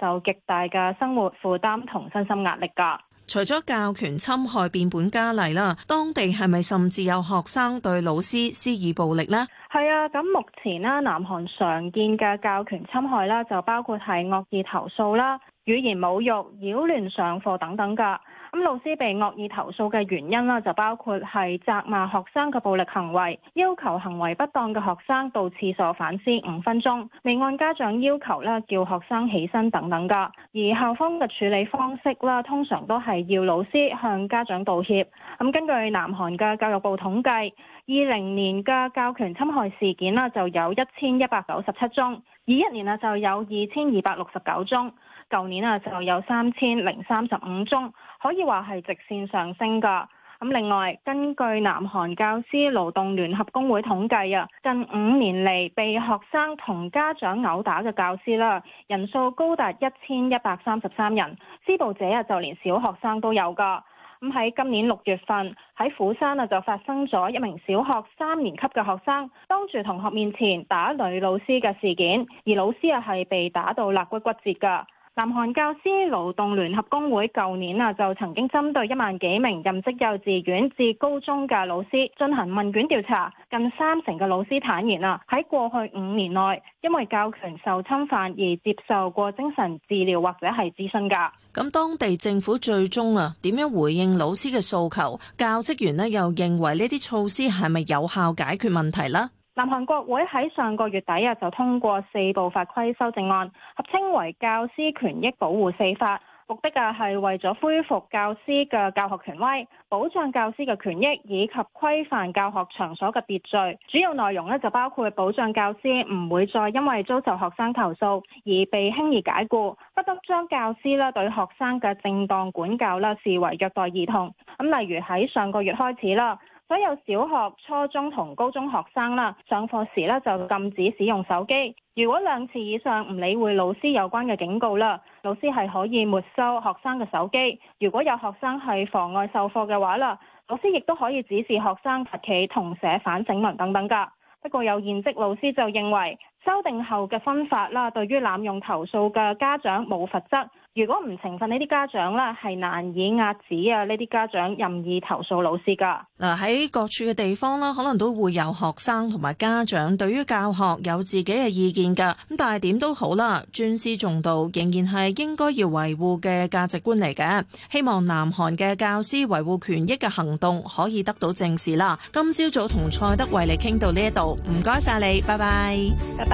受極大嘅生活負擔同身心壓力噶。除咗教權侵害變本加厲啦，當地係咪甚至有學生對老師施以暴力呢？係啊，咁目前啦，南韓常見嘅教權侵害啦，就包括係惡意投訴啦、語言侮辱、擾亂上課等等噶。咁老師被惡意投訴嘅原因啦，就包括係責罵學生嘅暴力行為，要求行為不當嘅學生到廁所反思五分鐘，未按家長要求咧叫學生起身等等㗎。而校方嘅處理方式啦，通常都係要老師向家長道歉。咁根據南韓嘅教育部統計，二零年嘅教權侵害事件啦，就有一千一百九十七宗，二一年啊就有二千二百六十九宗。舊年啊就有三千零三十五宗，可以話係直線上升㗎。咁另外，根據南韓教師勞動聯合工會統計啊，近五年嚟被學生同家長毆打嘅教師啦，人數高達一千一百三十三人。施暴者啊就連小學生都有㗎。咁喺今年六月份喺釜山啊就發生咗一名小學三年級嘅學生當住同學面前打女老師嘅事件，而老師啊係被打到肋骨骨折㗎。南韓教師勞動聯合工會舊年啊，就曾經針對一萬幾名任職幼稚園至高中嘅老師進行問卷調查，近三成嘅老師坦言啊，喺過去五年內因為教權受侵犯而接受過精神治療或者係諮詢噶。咁當地政府最終啊，點樣回應老師嘅訴求？教職員呢又認為呢啲措施係咪有效解決問題呢？南韓國會喺上個月底啊，就通過四部法規修正案，合稱為教師權益保護四法，目的啊係為咗恢復教師嘅教學權威，保障教師嘅權益，以及規範教學場所嘅秩序。主要內容呢，就包括保障教師唔會再因為遭受學生投訴而被輕易解雇，不得將教師啦對學生嘅正當管教啦視為虐待兒童。咁例如喺上個月開始啦。所有小學初中同高中學生啦，上課時咧就禁止使用手機，如果兩次以上唔理會老師有關嘅警告啦，老師係可以沒收學生嘅手機，如果有學生係妨礙授課嘅話啦，老師亦都可以指示學生罰企同寫反省文等等噶，不過有現職老師就認為。修訂後嘅分法啦，對於濫用投訴嘅家長冇罰則。如果唔懲罰呢啲家長咧，係難以壓止啊呢啲家長任意投訴老師㗎。嗱，喺各處嘅地方啦，可能都會有學生同埋家長對於教學有自己嘅意見㗎。咁但係點都好啦，尊師重道仍然係應該要維護嘅價值觀嚟嘅。希望南韓嘅教師維護權益嘅行動可以得到正視啦。今朝早同蔡德慧嚟傾到呢一度，唔該晒你，拜拜。拜拜。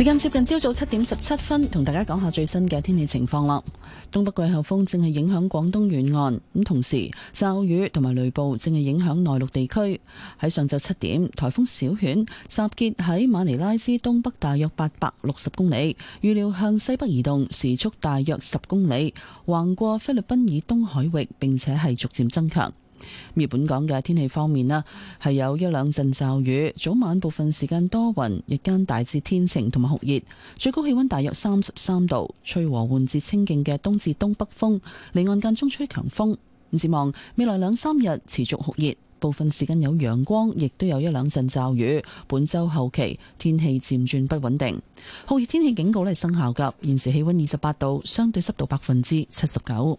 時間接近朝早七點十七分，同大家講下最新嘅天氣情況啦。東北季候風正係影響廣東沿岸，咁同時驟雨同埋雷暴正係影響內陸地區。喺上晝七點，台風小犬集結喺馬尼拉之東北大約八百六十公里，預料向西北移動，時速大約十公里，橫過菲律賓以東海域，並且係逐漸增強。而本港嘅天氣方面呢，係有一兩陣驟雨，早晚部分時間多雲，日間大致天晴同埋酷熱，最高氣溫大約三十三度，吹和緩至清勁嘅東至東北風，離岸間中吹強風。咁展望未來兩三日持續酷熱，部分時間有陽光，亦都有一兩陣驟雨。本周後期天氣漸轉不穩定，酷熱天氣警告呢係生效噶。現時氣溫二十八度，相對濕度百分之七十九。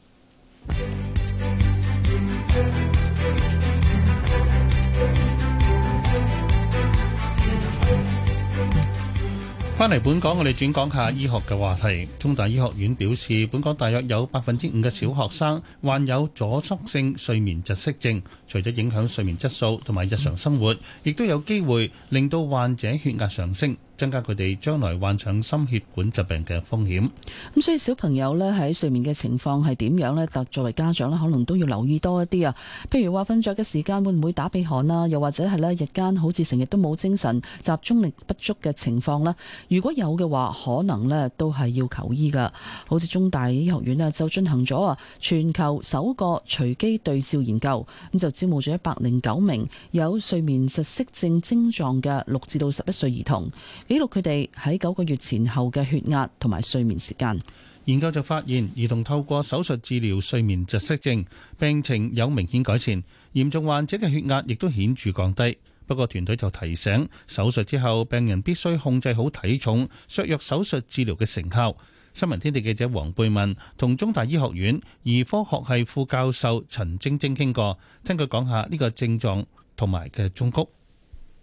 翻嚟本港，我哋轉講下醫學嘅話題。中大醫學院表示，本港大約有百分之五嘅小學生患有阻塞性睡眠窒息症，除咗影響睡眠質素同埋日常生活，亦都有機會令到患者血壓上升。增加佢哋將來患上心血管疾病嘅風險。咁所以小朋友呢，喺睡眠嘅情況係點樣呢？特作為家長咧，可能都要留意多一啲啊。譬如話瞓著嘅時間會唔會打鼻鼾啊？又或者係呢，日間好似成日都冇精神、集中力不足嘅情況咧？如果有嘅話，可能呢都係要求醫噶。好似中大醫學院啊，就進行咗啊全球首個隨機對照研究，咁就招募咗一百零九名有睡眠窒息症症症狀嘅六至到十一歲兒童。記錄佢哋喺九個月前後嘅血壓同埋睡眠時間。研究就發現，兒童透過手術治療睡眠窒息症，病情有明顯改善，嚴重患者嘅血壓亦都顯著降低。不過團隊就提醒，手術之後病人必須控制好體重，削弱手術治療嘅成效。新聞天地記者黃貝文同中大醫學院兒科學系副教授陳晶晶傾過，聽佢講下呢個症狀同埋嘅症谷。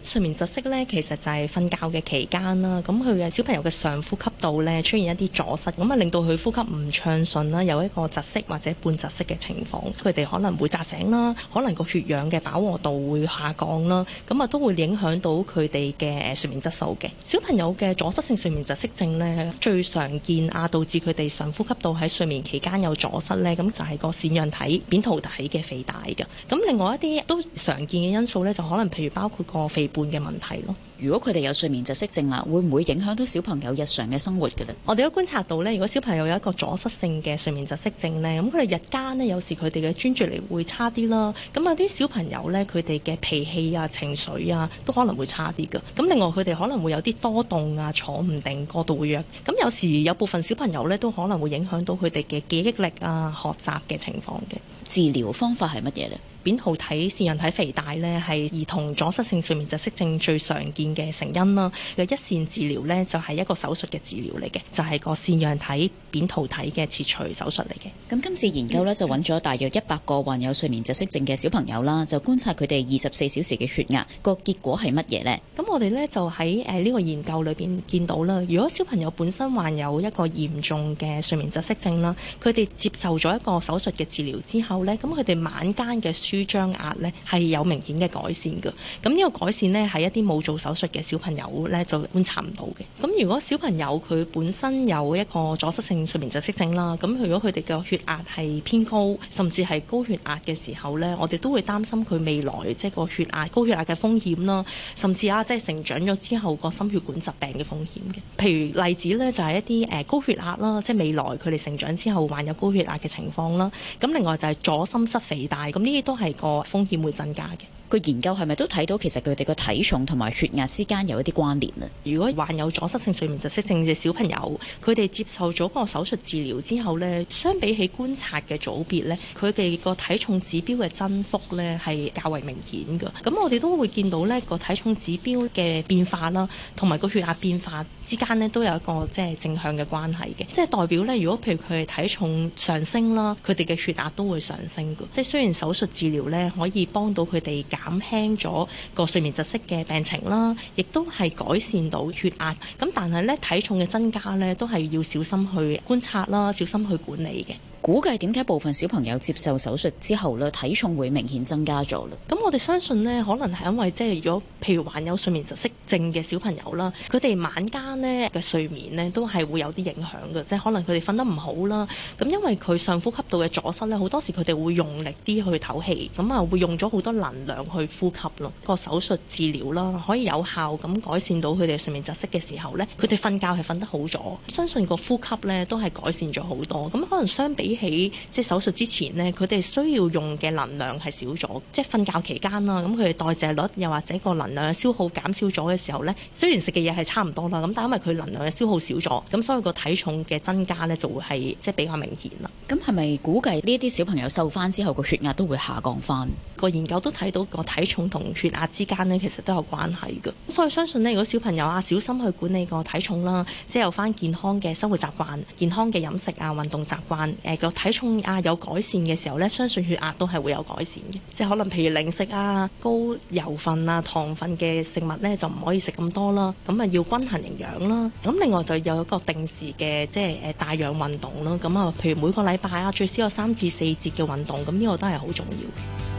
睡眠窒息咧，其實就係瞓覺嘅期間啦。咁佢嘅小朋友嘅上呼吸道咧出現一啲阻塞，咁啊令到佢呼吸唔暢順啦，有一個窒息或者半窒息嘅情況，佢哋可能會扎醒啦，可能個血氧嘅飽和度會下降啦，咁啊都會影響到佢哋嘅睡眠質素嘅。小朋友嘅阻塞性睡眠窒息症咧最常見啊，導致佢哋上呼吸道喺睡眠期間有阻塞咧，咁就係個腺樣體扁桃體嘅肥大㗎。咁另外一啲都常見嘅因素咧，就可能譬如包括個肥半嘅問題咯。如果佢哋有睡眠窒息症啦，會唔會影響到小朋友日常嘅生活嘅呢？我哋都觀察到呢，如果小朋友有一個阻塞性嘅睡眠窒息症呢，咁佢哋日間呢，有時佢哋嘅專注力會差啲啦。咁有啲小朋友呢，佢哋嘅脾氣啊、情緒啊，都可能會差啲㗎。咁另外佢哋可能會有啲多動啊、坐唔定、過度活躍。咁有時有部分小朋友呢，都可能會影響到佢哋嘅記憶力啊、學習嘅情況嘅。治療方法係乜嘢咧？扁桃體腺樣體肥大咧，係兒童阻塞性睡眠窒息症最常見嘅成因啦。嘅一線治療咧，就係一個手術嘅治療嚟嘅，就係個腺樣體扁桃體嘅切除手術嚟嘅。咁今次研究咧就揾咗大約一百個患有睡眠窒息症嘅小朋友啦，就觀察佢哋二十四小時嘅血壓，個結果係乜嘢呢？咁我哋咧就喺誒呢個研究裏邊見到啦，如果小朋友本身患有一個嚴重嘅睡眠窒息症啦，佢哋接受咗一個手術嘅治療之後，咁佢哋晚間嘅舒張壓咧係有明顯嘅改善嘅。咁呢個改善呢，係一啲冇做手術嘅小朋友咧就觀察唔到嘅。咁如果小朋友佢本身有一個阻塞性睡眠窒息症啦，咁如果佢哋嘅血壓係偏高，甚至係高血壓嘅時候呢，我哋都會擔心佢未來即係個血壓高血壓嘅風險啦，甚至啊即係成長咗之後個心血管疾病嘅風險嘅。譬如例子呢，就係一啲誒高血壓啦，即係未來佢哋成長之後患有高血壓嘅情況啦。咁另外就係、是。左心室肥大，咁呢啲都係個風險會增加嘅。個研究係咪都睇到其實佢哋個體重同埋血壓之間有一啲關聯啊？如果患有阻塞性睡眠窒息症嘅小朋友，佢哋接受咗個手術治療之後呢，相比起觀察嘅組別呢，佢哋個體重指標嘅增幅呢係較為明顯嘅。咁我哋都會見到呢個體重指標嘅變化啦，同埋個血壓變化之間呢，都有一個即係正向嘅關係嘅，即係代表呢，如果譬如佢係體重上升啦，佢哋嘅血壓都會上升嘅。即係雖然手術治療呢，可以幫到佢哋減輕咗個睡眠窒息嘅病情啦，亦都係改善到血壓。咁但係咧體重嘅增加咧，都係要小心去觀察啦，小心去管理嘅。估計點解部分小朋友接受手術之後呢體重會明顯增加咗咧？咁我哋相信呢，可能係因為即係如果譬如患有睡眠窒息症嘅小朋友啦，佢哋晚間呢嘅睡眠呢都係會有啲影響嘅，即係可能佢哋瞓得唔好啦。咁因為佢上呼吸道嘅阻塞呢，好多時佢哋會用力啲去唞氣，咁啊會用咗好多能量去呼吸咯。個手術治療啦，可以有效咁改善到佢哋睡眠窒息嘅時候呢，佢哋瞓覺係瞓得好咗，相信個呼吸呢都係改善咗好多。咁可能相比。比起即係手術之前咧，佢哋需要用嘅能量係少咗，即係瞓覺期間啦。咁佢哋代謝率又或者個能量消耗減少咗嘅時候咧，雖然食嘅嘢係差唔多啦，咁但係因為佢能量嘅消耗少咗，咁所以個體重嘅增加咧就會係即係比較明顯啦。咁係咪估計呢啲小朋友瘦翻之後個血壓都會下降翻？個研究都睇到個體重同血壓之間咧其實都有關係嘅，咁所以相信咧，如果小朋友啊小心去管理個體重啦，即係有翻健康嘅生活習慣，健康嘅飲食啊、運動習慣。個體重啊有改善嘅時候咧，相信血壓都係會有改善嘅。即係可能譬如零食啊、高油份啊、糖分嘅食物咧，就唔可以食咁多啦。咁啊，要均衡營養啦。咁另外就有一個定時嘅即係誒帶氧運動咯。咁啊，譬如每個禮拜啊，最少有三至四節嘅運動，咁呢個都係好重要嘅。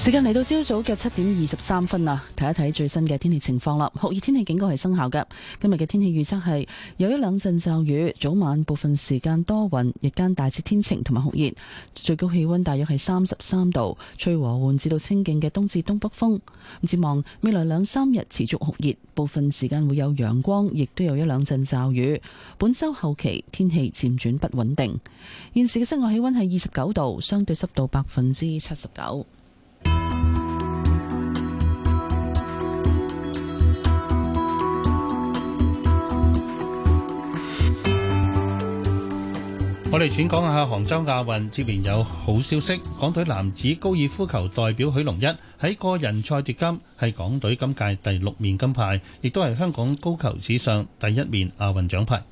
時間嚟到朝早嘅七點二十三分啦，睇一睇最新嘅天氣情況啦。酷熱天氣警告係生效嘅。今日嘅天氣預測係有一兩陣驟雨，早晚部分時間多雲，日間大致天晴同埋酷熱，最高氣溫大約係三十三度，吹和緩至到清勁嘅東至東北風。咁展望未來兩三日持續酷熱，部分時間會有陽光，亦都有一兩陣驟雨。本周後期天氣漸轉不穩定。現時嘅室外氣溫係二十九度，相對濕度百分之七十九。我哋轉講下杭州亞運，接連有好消息。港隊男子高爾夫球代表許龍一喺個人賽奪金，係港隊今屆第六面金牌，亦都係香港高球史上第一面亞運獎牌。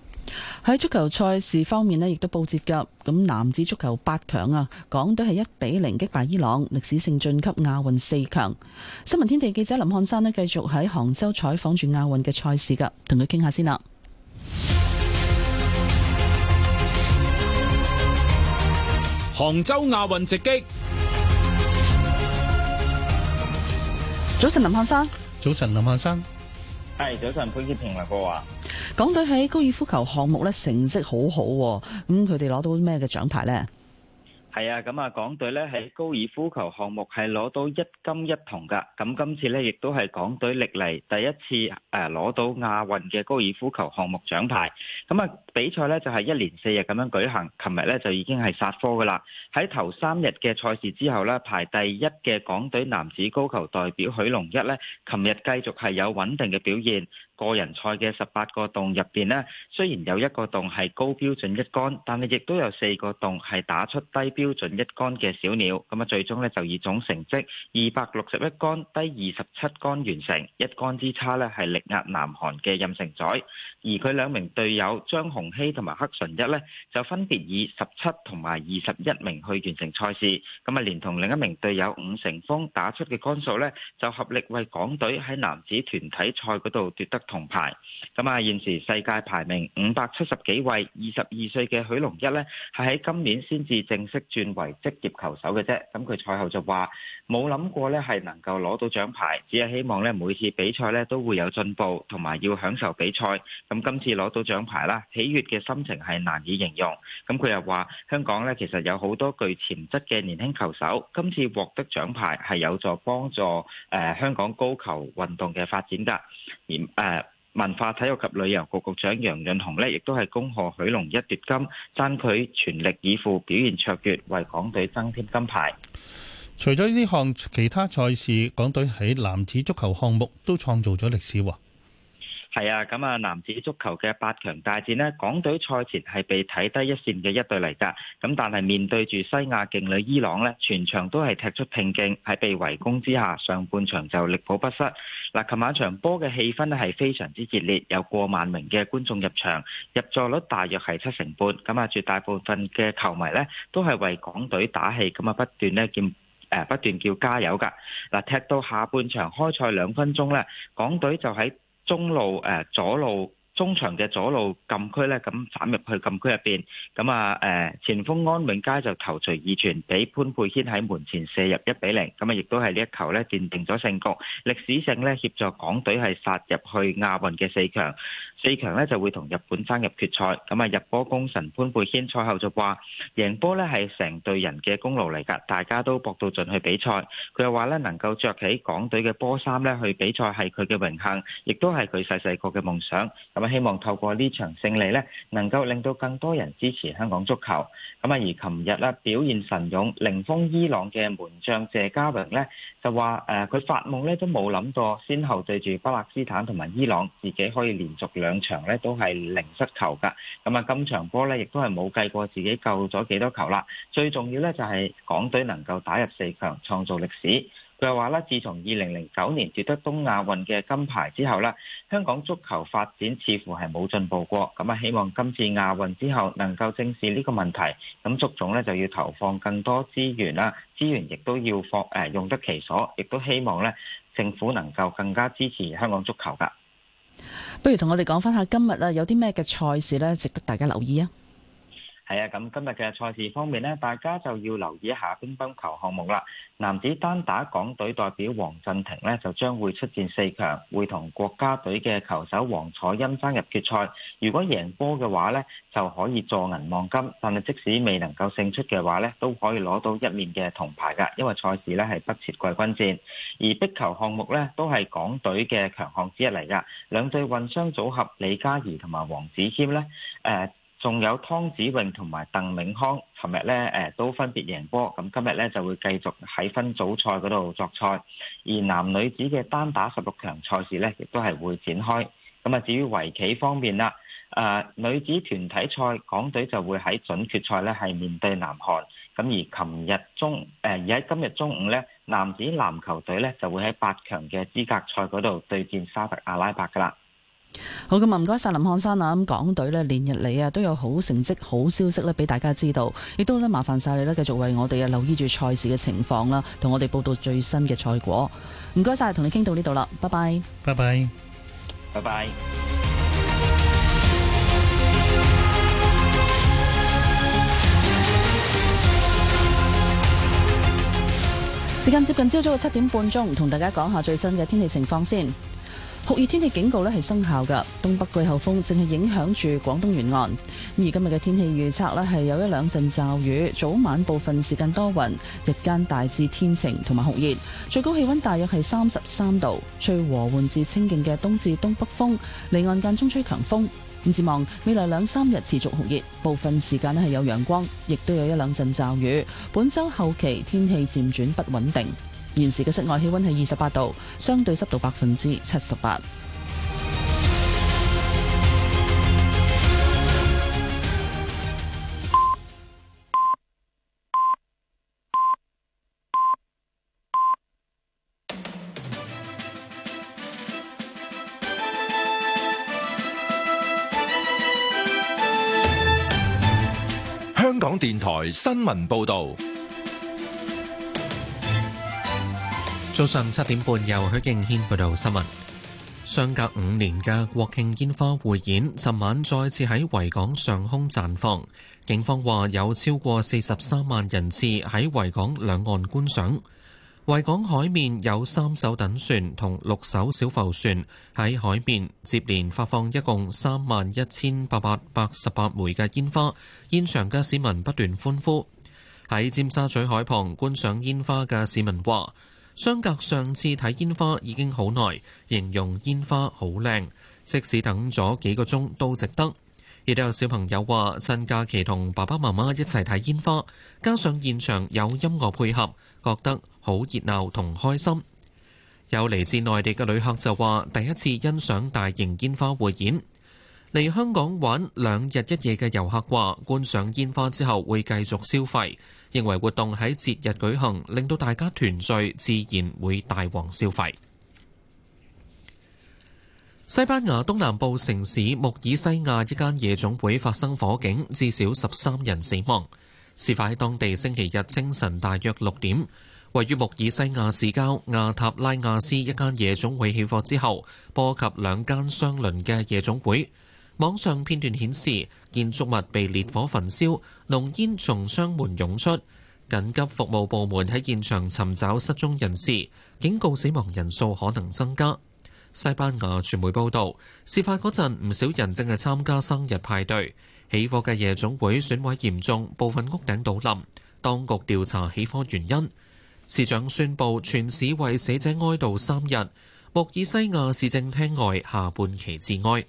喺足球賽事方面呢，亦都報捷噶。咁男子足球八強啊，港隊係一比零擊敗伊朗，歷史性晉級亞運四強。新聞天地記者林漢山呢，繼續喺杭州採訪住亞運嘅賽事噶，同佢傾下先啦。杭州亞運直擊。哎，早晨林漢生，早晨林漢生，係早晨，潘潔平來講話，港隊喺高爾夫球項目咧成績好好。哦，咁佢哋攞到咩嘅獎牌咧？係啊，咁啊，港隊咧喺高爾夫球項目係攞到一金一銅噶，咁今次咧亦都係港隊歷嚟第一次誒攞到亞運嘅高爾夫球項目獎牌。咁啊，比賽咧就係一連四日咁樣舉行，琴日咧就已經係煞科噶啦。喺頭三日嘅賽事之後咧，排第一嘅港隊男子高球代表許龍一咧，琴日繼續係有穩定嘅表現。個人賽嘅十八個洞入邊呢，雖然有一個洞係高標準一杆，但係亦都有四個洞係打出低標準一杆嘅小鳥。咁啊，最終呢，就以總成績二百六十一杆低二十七杆完成。一杆之差呢，係力壓南韓嘅任成宰，而佢兩名隊友張雄熙同埋黑純一呢，就分別以十七同埋二十一名去完成賽事。咁啊，連同另一名隊友伍成峯打出嘅杆數呢，就合力為港隊喺男子團體賽嗰度奪得銅牌，咁啊，現時世界排名五百七十幾位，二十二歲嘅許龍一咧，係喺今年先至正式轉為職業球手嘅啫。咁佢賽後就話冇諗過咧係能夠攞到獎牌，只係希望咧每次比賽咧都會有進步，同埋要享受比賽。咁今次攞到獎牌啦，喜悦嘅心情係難以形容。咁佢又話香港咧其實有好多具潛質嘅年輕球手，今次獲得獎牌係有助幫助誒、呃、香港高球運動嘅發展噶，而、呃、誒。文化體育及旅遊局局長楊潤雄呢，亦都係恭賀許龍一奪金，讚佢全力以赴表現卓越，為港隊增添金牌。除咗呢項其他賽事，港隊喺男子足球項目都創造咗歷史喎。係啊，咁啊，男子足球嘅八強大戰呢，港隊賽前係被睇低一線嘅一隊嚟㗎。咁但係面對住西亞勁旅伊朗呢，全場都係踢出拼勁，喺被圍攻之下，上半場就力保不失。嗱，琴晚場波嘅氣氛咧係非常之熱烈，有過萬名嘅觀眾入場，入座率大約係七成半。咁啊，絕大部分嘅球迷呢，都係為港隊打氣，咁啊不斷咧叫誒不斷叫加油㗎。嗱，踢到下半場開賽兩分鐘呢，港隊就喺中路，誒、呃，左路。中場嘅左路禁區呢，咁斬入去禁區入邊，咁啊誒前鋒安永佳就球隨意傳二傳俾潘佩軒喺門前射入一比零，咁啊亦都係呢一球呢，奠定咗勝局，歷史性呢，協助港隊係殺入去亞運嘅四強，四強呢，就會同日本爭入決賽，咁啊入波功臣潘佩軒賽後就話，贏波呢係成隊人嘅功勞嚟㗎，大家都搏到盡去比賽，佢又話呢，能夠着起港隊嘅波衫呢，去比賽係佢嘅榮幸，亦都係佢細細個嘅夢想，咁。我希望透過呢場勝利呢，能夠令到更多人支持香港足球。咁啊，而琴日咧表現神勇，零封伊朗嘅門將謝家榮呢，就話誒，佢發夢呢都冇諗過，先後對住巴勒斯坦同埋伊朗，自己可以連續兩場呢都係零失球噶。咁啊，今場波呢亦都係冇計過自己救咗幾多球啦。最重要呢，就係、是、港隊能夠打入四強，創造歷史。佢話咧，自從二零零九年奪得東亞運嘅金牌之後咧，香港足球發展似乎係冇進步過。咁啊，希望今次亞運之後能夠正視呢個問題。咁足總咧就要投放更多資源啦，資源亦都要放誒用得其所，亦都希望咧政府能夠更加支持香港足球噶。不如同我哋講翻下今日啊，有啲咩嘅賽事咧值得大家留意啊？係啊，咁今日嘅賽事方面呢，大家就要留意一下乒乓球項目啦。男子單打港隊代表黃鎮廷呢，就將會出戰四強，會同國家隊嘅球手王楚欽爭入決賽。如果贏波嘅話呢，就可以助銀望金。但係即使未能夠勝出嘅話呢，都可以攞到一面嘅銅牌噶。因為賽事呢係不設季軍戰，而壁球項目呢，都係港隊嘅強項之一嚟噶。兩隊混雙組合李嘉儀同埋黃子謙呢。誒、呃。仲有湯子穎同埋鄧永康，琴日咧誒都分別贏波，咁今日咧就會繼續喺分組賽嗰度作賽。而男女子嘅單打十六強賽事咧，亦都係會展開。咁啊，至於圍棋方面啦，誒、呃、女子團體賽港隊就會喺準決賽咧係面對南韓。咁而琴日中誒、呃、而喺今日中午咧，男子籃球隊咧就會喺八強嘅資格賽嗰度對戰沙特阿拉伯㗎喇。好咁啊，唔該晒林漢山啊！咁港隊呢連日嚟啊都有好成績、好消息呢俾大家知道，亦都呢麻煩晒你呢繼續為我哋啊留意住賽事嘅情況啦，同我哋報道最新嘅賽果。唔該晒，同你傾到呢度啦，拜拜，拜拜，拜拜。時間接近朝早嘅七點半鐘，同大家講下最新嘅天氣情況先。酷熱天氣警告咧係生效噶，東北季候風正係影響住廣東沿岸。而今日嘅天氣預測咧係有一兩陣驟雨，早晚部分時間多雲，日間大致天晴同埋酷熱，最高氣溫大約係三十三度，吹和緩至清勁嘅東至東北風，離岸間中吹強風。展望未來兩三日持續酷熱，部分時間咧係有陽光，亦都有一兩陣驟雨。本周後期天氣漸轉不穩定。現時嘅室外氣溫係二十八度，相對濕度百分之七十八。香港電台新聞報導。早上七點半，由許敬軒報道新聞。相隔五年嘅國慶煙花匯演，尋晚再次喺維港上空綻放。警方話有超過四十三萬人次喺維港兩岸觀賞。維港海面有三艘躉船同六艘小浮船喺海面接連發放，一共三萬一千八百八十八枚嘅煙花。現場嘅市民不斷歡呼。喺尖沙咀海旁觀賞煙花嘅市民話。相隔上次睇煙花已經好耐，形容煙花好靚，即使等咗幾個鐘都值得。亦都有小朋友話：趁假期同爸爸媽媽一齊睇煙花，加上現場有音樂配合，覺得好熱鬧同開心。有嚟自內地嘅旅客就話：第一次欣賞大型煙花匯演。嚟香港玩兩日一夜嘅遊客話：觀賞煙花之後會繼續消費，認為活動喺節日舉行，令到大家團聚，自然會大旺消費。西班牙東南部城市穆爾西亞一間夜總會發生火警，至少十三人死亡。事發喺當地星期日清晨大約六點，位於穆爾西亞市郊亞塔拉亞斯一間夜總會起火之後，波及兩間相鄰嘅夜總會。網上片段顯示，建築物被烈火焚燒，濃煙從窗門湧出。緊急服務部門喺現場尋找失蹤人士，警告死亡人數可能增加。西班牙傳媒報導，事發嗰陣唔少人正係參加生日派對。起火嘅夜總會損毀嚴重，部分屋頂倒冧。當局調查起火原因。市長宣佈全市為死者哀悼三日。莫爾西亞市政廳外下半旗致哀。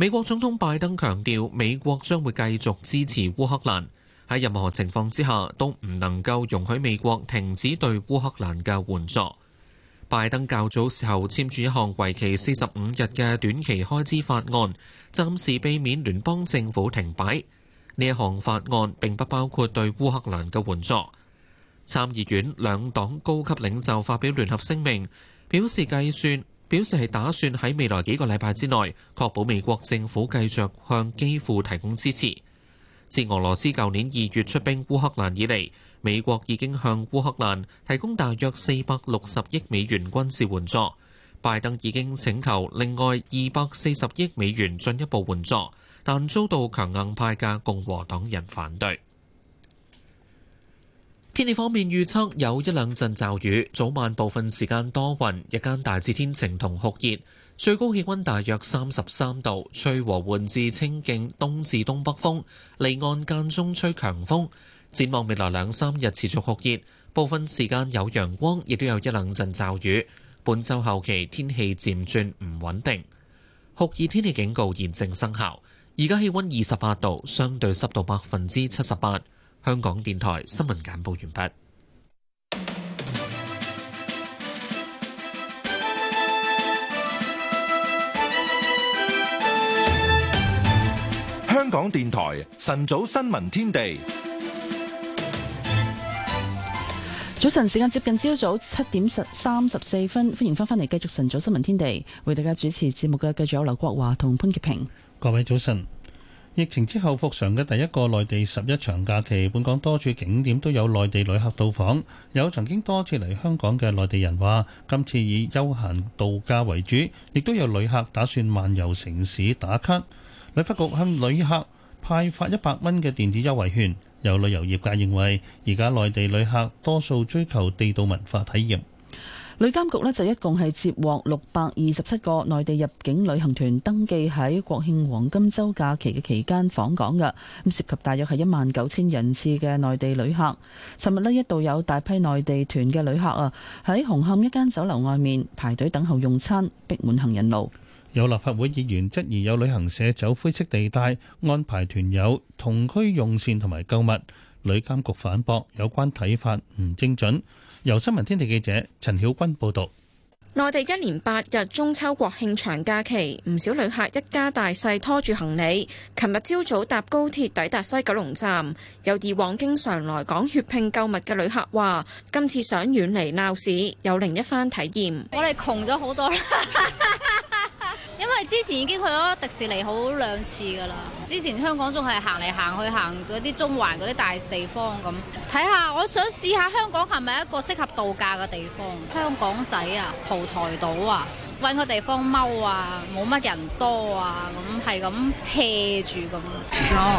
美國總統拜登強調，美國將會繼續支持烏克蘭，喺任何情況之下都唔能夠容許美國停止對烏克蘭嘅援助。拜登較早時候簽署一項為期四十五日嘅短期開支法案，暫時避免聯邦政府停擺。呢一項法案並不包括對烏克蘭嘅援助。參議院兩黨高級領袖發表聯合聲明，表示計算。表示係打算喺未來幾個禮拜之內，確保美國政府繼續向基輔提供支持。自俄羅斯舊年二月出兵烏克蘭以嚟，美國已經向烏克蘭提供大約四百六十億美元軍事援助。拜登已經請求另外二百四十億美元進一步援助，但遭到強硬派嘅共和黨人反對。天氣方面預測有一兩陣驟雨，早晚部分時間多雲，日間大致天晴同酷熱，最高氣溫大約三十三度，吹和緩至清勁東至東北風，離岸間中吹強風。展望未來兩三日持續酷熱，部分時間有陽光，亦都有一兩陣驟雨。本周後期天氣漸轉唔穩定，酷熱天氣警告現正生效。而家氣溫二十八度，相對濕度百分之七十八。香港電台新聞簡報完畢。香港電台晨早新聞天地。早晨時間接近朝早七點三十四分，歡迎翻返嚟繼續晨早新聞天地，為大家主持節目嘅，繼續有劉國華同潘潔平。各位早晨。疫情之後復常嘅第一個內地十一長假期，本港多處景點都有內地旅客到訪。有曾經多次嚟香港嘅內地人話，今次以休閒度假為主，亦都有旅客打算漫遊城市打卡。旅發局向旅客派發一百蚊嘅電子優惠券。有旅遊業界認為，而家內地旅客多數追求地道文化體驗。旅監局咧就一共係接獲六百二十七個內地入境旅行團登記喺國慶黃金週假期嘅期間訪港嘅，咁涉及大約係一萬九千人次嘅內地旅客。尋日咧一度有大批內地團嘅旅客啊喺紅磡一間酒樓外面排隊等候用餐，逼滿行人路。有立法會議員質疑有旅行社走灰色地帶安排團友同區用膳同埋購物，旅監局反駁有關睇法唔精準。由新聞天地記者陳曉君報道。內地一連八日中秋國慶長假期，唔少旅客一家大細拖住行李，琴日朝早搭高鐵抵達西九龍站。有以往經常來港血拼購物嘅旅客話，今次想遠離鬧市，有另一番體驗。我哋窮咗好多啦， [laughs] 因為之前已經去咗迪士尼好兩次噶啦。之前香港仲係行嚟行去行嗰啲中環嗰啲大地方咁，睇下我想試下香港係咪一個適合度假嘅地方。香港仔啊，台島啊，搵個地方踎啊，冇乜人多啊，咁係咁 hea 住咁，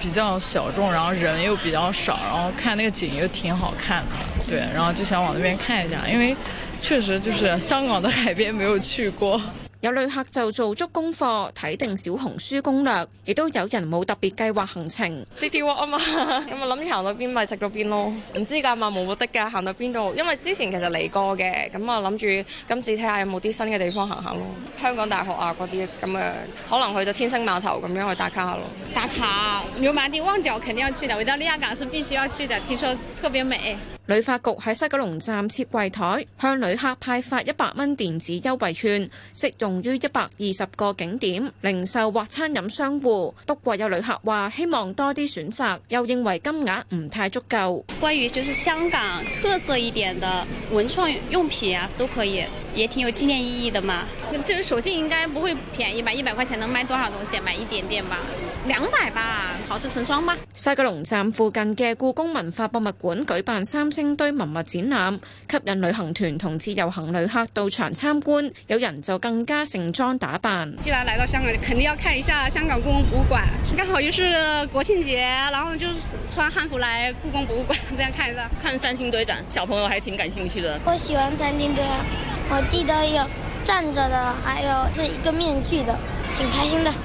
比較小眾，然後人又比較少，然後看那個景又挺好看的，對，然後就想往那邊看一下，因為確實就是香港的海邊沒有去過。有旅客就做足功課，睇定小紅書攻略，亦都有人冇特別計劃行程。Citywalk 啊嘛，咁我諗住行到邊咪食到邊咯，唔知㗎，冇目的㗎，行到邊度，因為之前其實嚟過嘅，咁啊諗住今次睇下有冇啲新嘅地方行下咯，香港大學啊嗰啲，咁啊、嗯、可能去到天星碼頭咁樣去打卡下咯。打卡，油麻地、旺角肯定要去的，維多利亞港是必須要去的，聽說特別美。旅發局喺西九龍站設櫃台，向旅客派發一百蚊電子優惠券，適用於一百二十個景點、零售或餐飲商戶。不過有旅客話希望多啲選擇，又認為金額唔太足夠。關於就是香港特色一點的文創用品啊，都可以，也挺有紀念意義的嘛。就手信應該不會便宜吧？一百塊錢能買多少東西？買一點點吧。兩百吧，好事成雙嘛。西九龍站附近嘅故宮文化博物館舉辦三。星堆文物展覽吸引旅行團同自由行旅客到場參觀，有人就更加盛裝打扮。既然來到香港，肯定要看一下香港故宮博物館。剛好又是國慶節，然後就是穿漢服來故宮博物館這樣看一下。看三星堆展，小朋友還挺感興趣的。我喜歡三星堆，我記得有站着的，還有這一個面具的。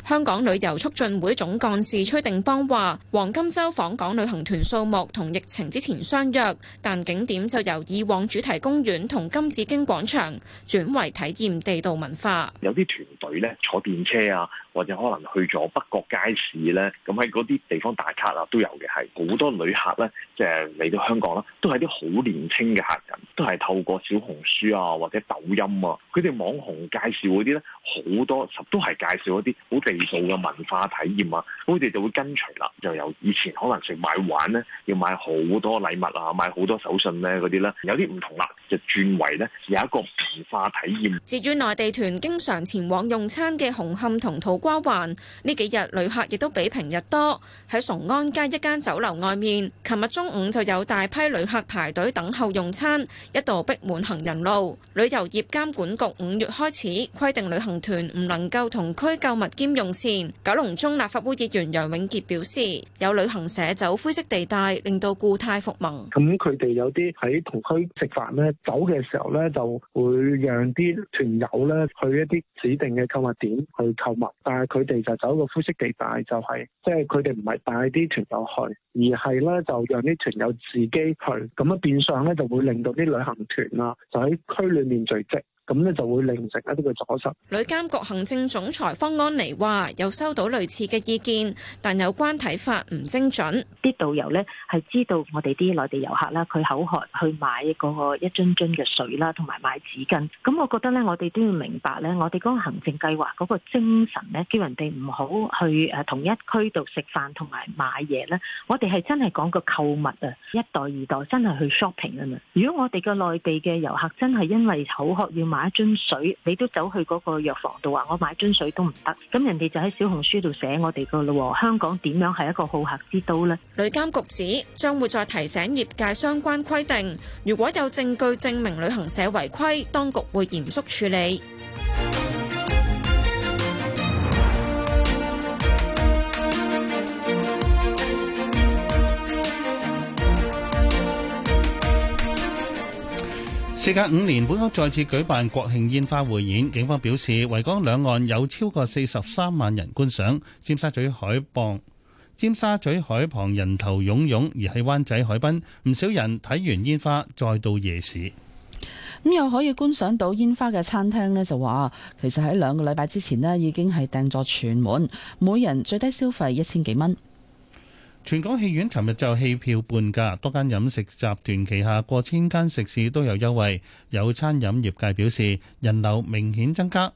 香港旅遊促進會總幹事崔定邦話：黃金週訪港旅行團數目同疫情之前相若，但景點就由以往主題公園同金紫荊廣場轉為體驗地道文化。有啲團隊呢坐電車啊，或者可能去咗北角街市呢，咁喺嗰啲地方打卡啊都有嘅。係好多旅客呢。即係嚟到香港啦，都係啲好年輕嘅客人，都係透過小紅書啊或者抖音啊，佢哋網紅介紹嗰啲呢，好多，都係介。做一啲好地道嘅文化體驗啊！咁佢哋就會跟隨啦，就由以前可能食買玩咧，要買好多禮物啊，買好多手信咧嗰啲啦，有啲唔同啦，就轉為咧有一個文化體驗。至於內地團經常前往用餐嘅紅磡同土瓜灣，呢幾日旅客亦都比平日多。喺崇安街一間酒樓外面，琴日中午就有大批旅客排隊等候用餐，一度逼滿行人路。旅遊業監管局五月開始規定，旅行團唔能夠同區購物兼用線，九龍中立法會議員楊永杰表示：有旅行社走灰色地帶，令到故態復萌。咁佢哋有啲喺同區食飯咧，走嘅時候咧就會讓啲團友咧去一啲指定嘅購物點去購物，但係佢哋就走個灰色地帶、就是，就係即係佢哋唔係帶啲團友去，而係咧就讓啲團友自己去，咁樣變相咧就會令到啲旅行團啊就喺區裡面聚集。咁咧就會令成一啲嘅阻塞。旅監局行政總裁方安妮話：有收到類似嘅意見，但有關睇法唔精準。啲導遊呢係知道我哋啲內地遊客啦，佢口渴去買嗰個一樽樽嘅水啦，同埋買紙巾。咁我覺得呢，我哋都要明白呢，我哋嗰個行政計劃嗰個精神呢，叫人哋唔好去誒同一區度食飯同埋買嘢呢。我哋係真係講個購物啊，一袋二袋真係去 shopping 啊嘛。如果我哋嘅內地嘅遊客真係因為口渴要買，買樽水，你都走去嗰個藥房度話，我買樽水都唔得，咁人哋就喺小紅書度寫我哋個咯。香港點樣係一個好客之都呢？旅監局指將會再提醒業界相關規定，如果有證據證明旅行社違規，當局會嚴肅處理。時隔五年，本港再次舉辦國慶煙花匯演。警方表示，維港兩岸有超過四十三萬人觀賞。尖沙咀海傍、尖沙咀海旁人頭湧湧，而喺灣仔海濱，唔少人睇完煙花，再到夜市。咁、嗯、又可以觀賞到煙花嘅餐廳呢，就話其實喺兩個禮拜之前呢，已經係訂咗全滿，每人最低消費一千幾蚊。全港戲院尋日就戲票半價，多間飲食集團旗下過千間食肆都有優惠。有餐飲業界表示人流明顯增加。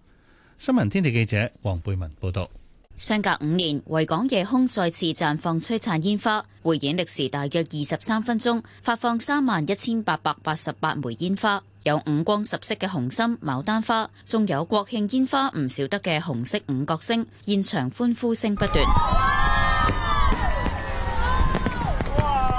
新聞天地記者黃貝文報道。相隔五年，維港夜空再次綻放璀璨煙花，匯演歷時大約二十三分鐘，發放三萬一千八百八十八枚煙花，有五光十色嘅紅心牡丹花，仲有國慶煙花唔少得嘅紅色五角星，現場歡呼聲不斷。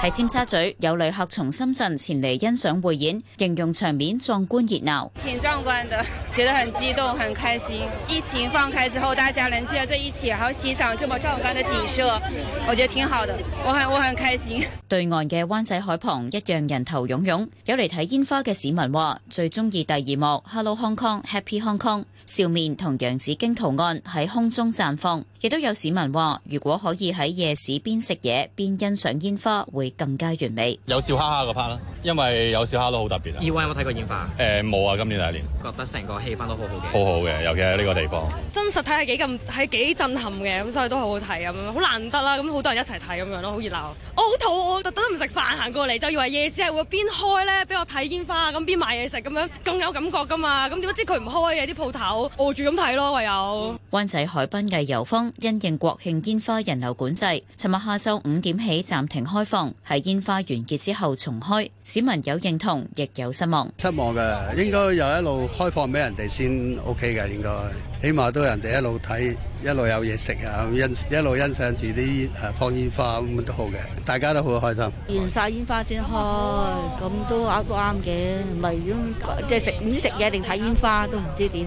喺尖沙咀有旅客從深圳前嚟欣賞匯演，形容場面壯觀熱鬧。挺壯觀的，覺得很激動，很開心。疫情放開之後，大家能聚到在一起，好欣賞這麼壯觀的景色，我覺得挺好的，我很我很開心。對岸嘅灣仔海旁一樣人頭涌涌，有嚟睇煙花嘅市民話最中意第二幕 Hello Hong Kong Happy Hong Kong，笑面同洋紫荊圖案喺空中綻放。亦都有市民話如果可以喺夜市邊食嘢邊欣賞煙花，會更加完美有笑哈哈個 part 啦，因為有笑哈都好特別啊。以往有冇睇過煙花？誒冇啊，今年第一年覺得成個氣氛都好，好好嘅，好好嘅，尤其係呢個地方真實睇係幾咁係幾震撼嘅，咁所以都好好睇咁樣，好難得啦。咁好多人一齊睇咁樣咯，好熱鬧。我好肚餓，特登唔食飯行過嚟，就以為夜市係會邊開咧，俾我睇煙花咁邊買嘢食咁樣更有感覺㗎嘛。咁點不知佢唔開嘅啲鋪頭，餓住咁睇咯。唯有灣仔、嗯、海濱藝遊坊因應國慶煙花人流管制，尋日下晝五點起暫停開放。喺煙花完結之後重開，市民有認同，亦有失望。失望嘅，應該又一路開放俾人哋先 OK 嘅，應該起碼都人哋一路睇，一路有嘢食啊，欣一路欣賞住啲誒放煙花咁都好嘅，大家都好開心。燃晒煙花先開，咁都啱都啱嘅，唔係咁即係食唔食嘢定睇煙花都唔知點。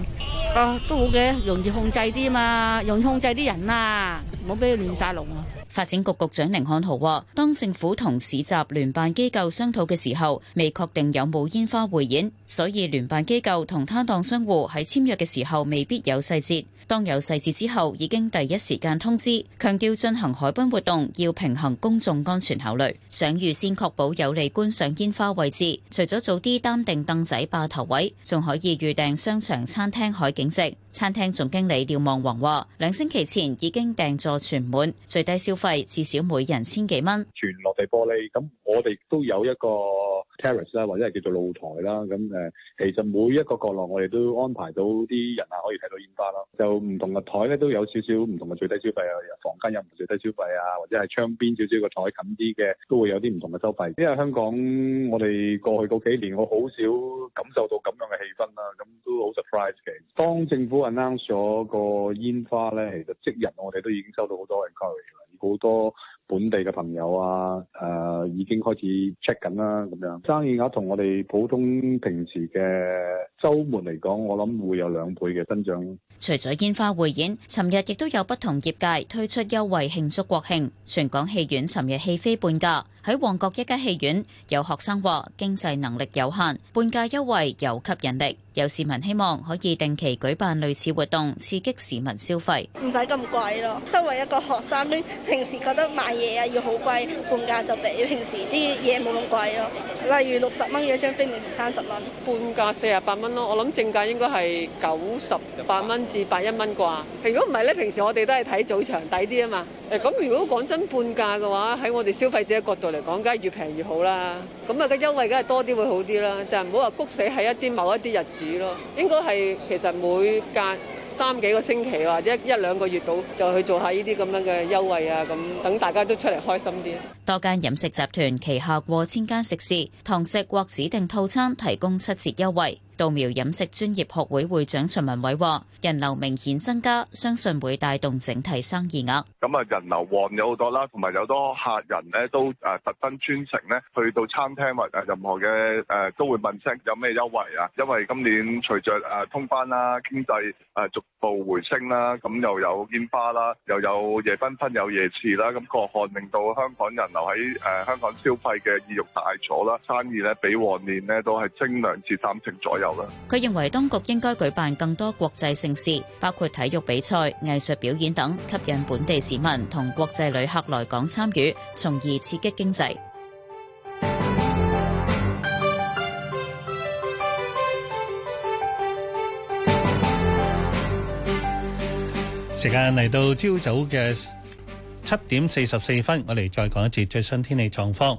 啊，都好嘅，容易控制啲嘛，容易控制啲人啊，唔好俾佢亂晒龍啊。發展局局長甯漢豪話：當政府同市集聯辦機構商討嘅時候，未確定有冇煙花匯演，所以聯辦機構同攤檔商戶喺簽約嘅時候未必有細節。當有細節之後，已經第一時間通知，強調進行海濱活動要平衡公眾安全考慮。想預先確保有利觀賞煙花位置，除咗早啲擔定凳仔霸頭位，仲可以預訂商場餐廳海景席。餐廳總經理廖望王話，兩星期前已經訂座全滿，最低消費至少每人千幾蚊。全落地玻璃，咁我哋都有一個。terrace 啦，或者係叫做露台啦，咁誒，其實每一個角落我哋都安排到啲人啊，可以睇到煙花啦。就唔同嘅台咧，都有少少唔同嘅最低消費啊，房間有唔同最低消費啊，或者係窗邊的少少個台近啲嘅，都會有啲唔同嘅收費。因為香港我哋過去嗰幾年我好少感受到咁樣嘅氣氛啦，咁都好 surprise 嘅。當政府 announce 咗個煙花咧，其實即日我哋都已經收到好多 enquiry 㗎，好多。本地嘅朋友啊，誒、呃、已經開始 check 緊啦，咁樣生意額同我哋普通平時嘅周末嚟講，我諗會有兩倍嘅增長。除咗煙花匯演，尋日亦都有不同業界推出優惠慶祝國慶。全港戲院尋日戲飛半價。喺旺角一間戲院，有學生話經濟能力有限，半價優惠有吸引力。有市民希望可以定期舉辦類似活動，刺激市民消費。唔使咁貴咯，身為一個學生，平時覺得買嘢啊要好貴，半價就比平時啲嘢冇咁貴咯。例如六十蚊嘅一張飛，變成三十蚊。半價四十八蚊咯，我諗正價應該係九十八蚊。至八一蚊啩？如果唔係咧，平時我哋都係睇早場抵啲啊嘛。誒咁，如果講真半價嘅話，喺我哋消費者嘅角度嚟講，梗係越平越好啦。咁啊，個優惠梗係多啲會好啲啦。就唔好話谷死喺一啲某一啲日子咯。應該係其實每隔三幾個星期或者一兩個月度就去做下呢啲咁樣嘅優惠啊，咁等大家都出嚟開心啲。多間飲食集團旗下過千間食肆，堂食或指定套餐提供七折優惠。稻苗飲食專業學會會長徐文偉話：人流明顯增加，相信會帶動整體生意額。咁啊，人流旺有好多啦，同埋有多客人呢都誒特登專程呢去到餐廳或誒任何嘅誒都會問聲有咩優惠啊。因為今年隨着誒通關啦，經濟誒逐步回升啦，咁又有煙花啦，又有夜繽紛有夜市啦，咁個寒令到香港人流喺誒香港消費嘅意欲大咗啦，生意咧比往年呢都係升兩至三成左右。佢認為當局應該舉辦更多國際盛事，包括體育比賽、藝術表演等，吸引本地市民同國際旅客來港參與，從而刺激經濟。時間嚟到朝早嘅七點四十四分，我哋再講一次最新天氣狀況。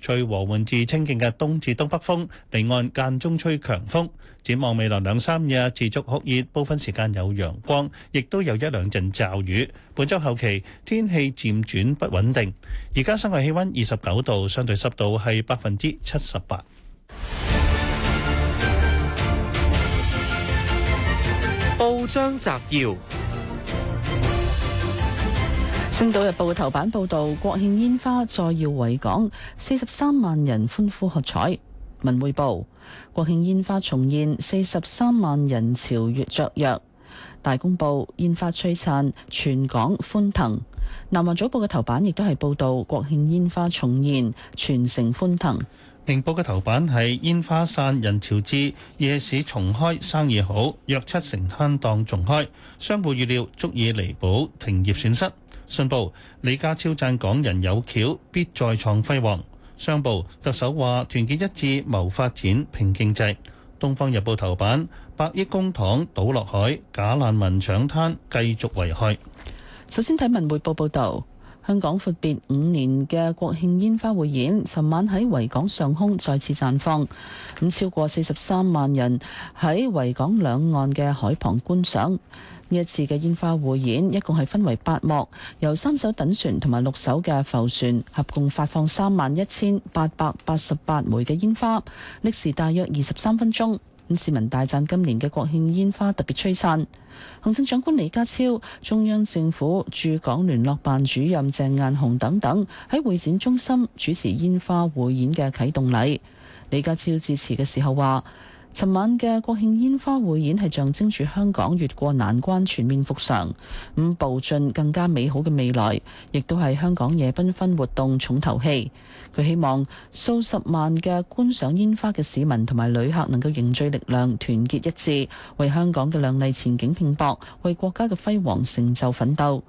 吹和緩至清勁嘅東至東北風，離岸間中吹強風。展望未來兩三日持續酷熱，部分時間有陽光，亦都有一兩陣驟雨。本周後期天氣漸轉不穩定。而家室外氣溫二十九度，相對濕度係百分之七十八。報章摘要。《星島日報》嘅頭版報道國慶煙花再耀維港，四十三萬人歡呼喝彩。《文匯報》國慶煙花重現，四十三萬人潮越灼熱。《大公報》煙花璀璨，全港歡騰。《南華早報》嘅頭版亦都係報道國慶煙花重現，全城歡騰。《明報》嘅頭版係煙花散，人潮至，夜市重開，生意好，約七成攤檔重開，商戶預料足以彌補停業損失。信報，李家超讚港人有橋，必再創輝煌。商報，特首話團結一致，謀發展，拼經濟。《東方日報》頭版：百億公帑倒落海，假難民搶灘繼續危害。首先睇文匯報報道：「香港闊別五年嘅國慶煙花匯演，尋晚喺維港上空再次綻放。咁超過四十三萬人喺維港兩岸嘅海旁觀賞。呢一次嘅煙花匯演一共係分為八幕，由三艘等船同埋六艘嘅浮船合共發放三萬一千八百八十八枚嘅煙花，歷時大約二十三分鐘，咁市民大讚今年嘅國慶煙花特別璀璨。行政長官李家超、中央政府駐港聯絡辦主任鄭雁雄等等喺會展中心主持煙花匯演嘅啟動禮，李家超致辭嘅時候話。尋晚嘅國慶煙花匯演係象徵住香港越過難關全面復常，咁步進更加美好嘅未來，亦都係香港夜繽紛活動重頭戲。佢希望數十萬嘅觀賞煙花嘅市民同埋旅客能夠凝聚力量，團結一致，為香港嘅靚麗前景拼搏，為國家嘅輝煌成就奮鬥。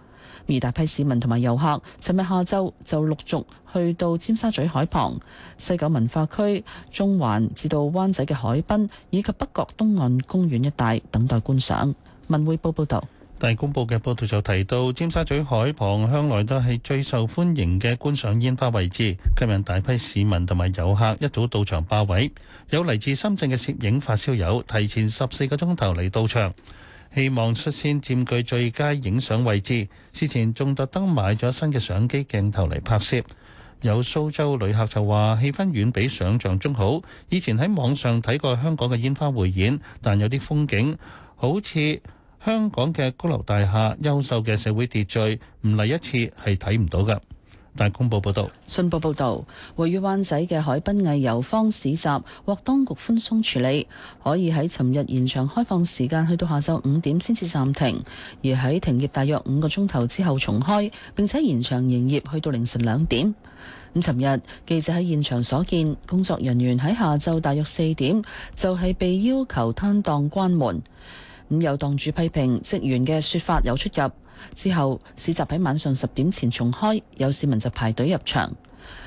而大批市民同埋遊客，尋日下晝就陸續去到尖沙咀海旁、西九文化區中環至到灣仔嘅海濱以及北角東岸公園一帶等待觀賞。文匯報報道，大公報嘅報道就提到，尖沙咀海旁向來都係最受歡迎嘅觀賞煙花位置，吸引大批市民同埋遊客一早到場霸位。有嚟自深圳嘅攝影發燒友，提前十四個鐘頭嚟到場。希望率先佔據最佳影相位置，事前仲特登買咗新嘅相機鏡頭嚟拍攝。有蘇州旅客就話氣氛遠比想象中好，以前喺網上睇過香港嘅煙花匯演，但有啲風景好似香港嘅高樓大廈，優秀嘅社會秩序，唔嚟一次係睇唔到噶。大公報報導，信報報導，位於灣仔嘅海濱藝遊坊市集獲當局寬鬆處理，可以喺尋日延長開放時間去到下晝五點先至暫停，而喺停業大約五個鐘頭之後重開，並且延長營業去到凌晨兩點。咁尋日記者喺現場所見，工作人員喺下晝大約四點就係被要求攤檔關門。咁有檔主批評職員嘅説法有出入。之後市集喺晚上十點前重開，有市民就排隊入場。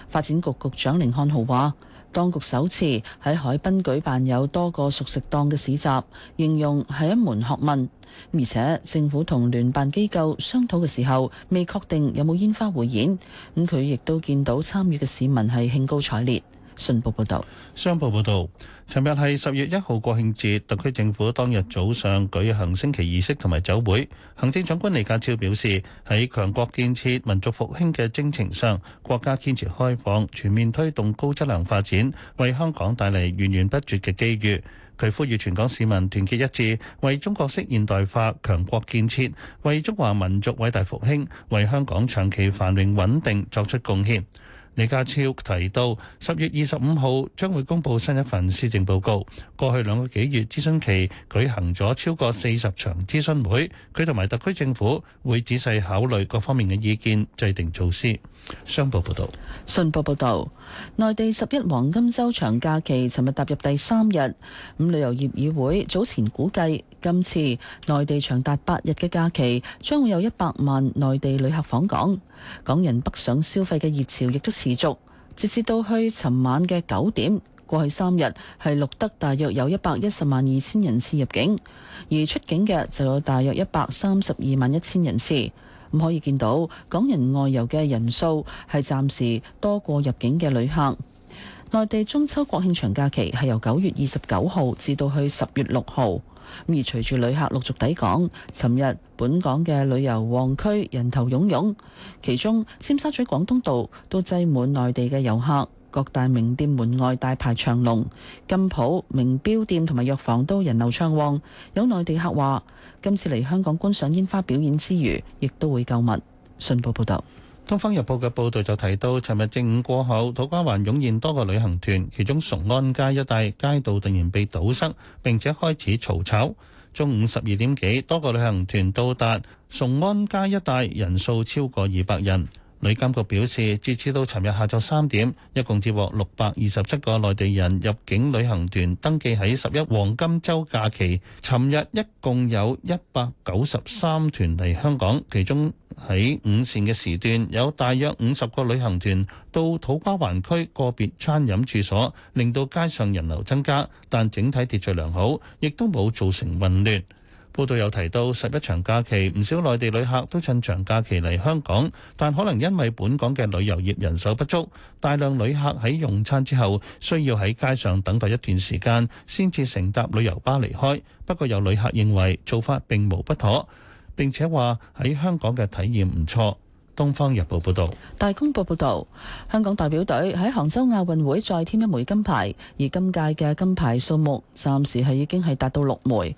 發展局局長寧漢豪話，當局首次喺海濱舉辦有多個熟食檔嘅市集，形容係一門學問。而且政府同聯辦機構商討嘅時候，未確定有冇煙花匯演。咁佢亦都見到參與嘅市民係興高采烈。信報報道，商報報道。尋日係十月一號國慶節，特區政府當日早上舉行升旗儀式同埋酒會。行政長官李家超表示，喺強國建設、民族復興嘅征程上，國家堅持開放，全面推動高質量發展，為香港帶嚟源源不絕嘅機遇。佢呼籲全港市民團結一致，為中國式現代化、強國建設、為中華民族偉大復興、為香港長期繁榮穩定作出貢獻。李家超提到，十月二十五號將會公布新一份施政報告。過去兩個幾月諮詢期舉行咗超過四十場諮詢會，佢同埋特區政府會仔細考慮各方面嘅意見，制定措施。商報報道，信報報道，內地十一黃金周長假期，尋日踏入第三日。咁旅遊業議會早前估計，今次內地長達八日嘅假期，將會有一百萬內地旅客訪港。港人北上消費嘅熱潮亦都持續，直至到去尋晚嘅九點，過去三日係錄得大約有一百一十萬二千人次入境，而出境嘅就有大約一百三十二萬一千人次。咁可以見到，港人外遊嘅人數係暫時多過入境嘅旅客。內地中秋、國慶長假期係由九月二十九號至到去十月六號。而隨住旅客陸續抵港，尋日本港嘅旅遊旺區人頭湧湧，其中尖沙咀廣東道都擠滿內地嘅遊客，各大名店門外大排長龍，金舖、名錶店同埋藥房都人流暢旺。有內地客話，今次嚟香港觀賞煙花表演之餘，亦都會購物。信報報道，東方日報嘅報道就提到，尋日正午過後，土瓜灣湧現多個旅行團，其中崇安街一帶街道突然被堵塞，並且開始嘈吵、吵。中午十二點幾多，多個旅行團到達崇安街一帶，人數超過二百人。旅監局表示，截至到尋日下晝三點，一共接獲六百二十七個內地人入境旅行團登記喺十一黃金周假期。尋日一共有一百九十三團嚟香港，其中喺午膳嘅時段，有大約五十個旅行團到土瓜灣區個別餐飲處所，令到街上人流增加，但整體秩序良好，亦都冇造成混亂。報道又提到十一長假期，唔少內地旅客都趁長假期嚟香港，但可能因為本港嘅旅遊業人手不足，大量旅客喺用餐之後需要喺街上等待一段時間先至乘搭旅遊巴離開。不過有旅客認為做法並無不妥，並且話喺香港嘅體驗唔錯。東方日報報道，大公報報道，香港代表隊喺杭州亞運會再添一枚金牌，而今屆嘅金牌數目暫時係已經係達到六枚。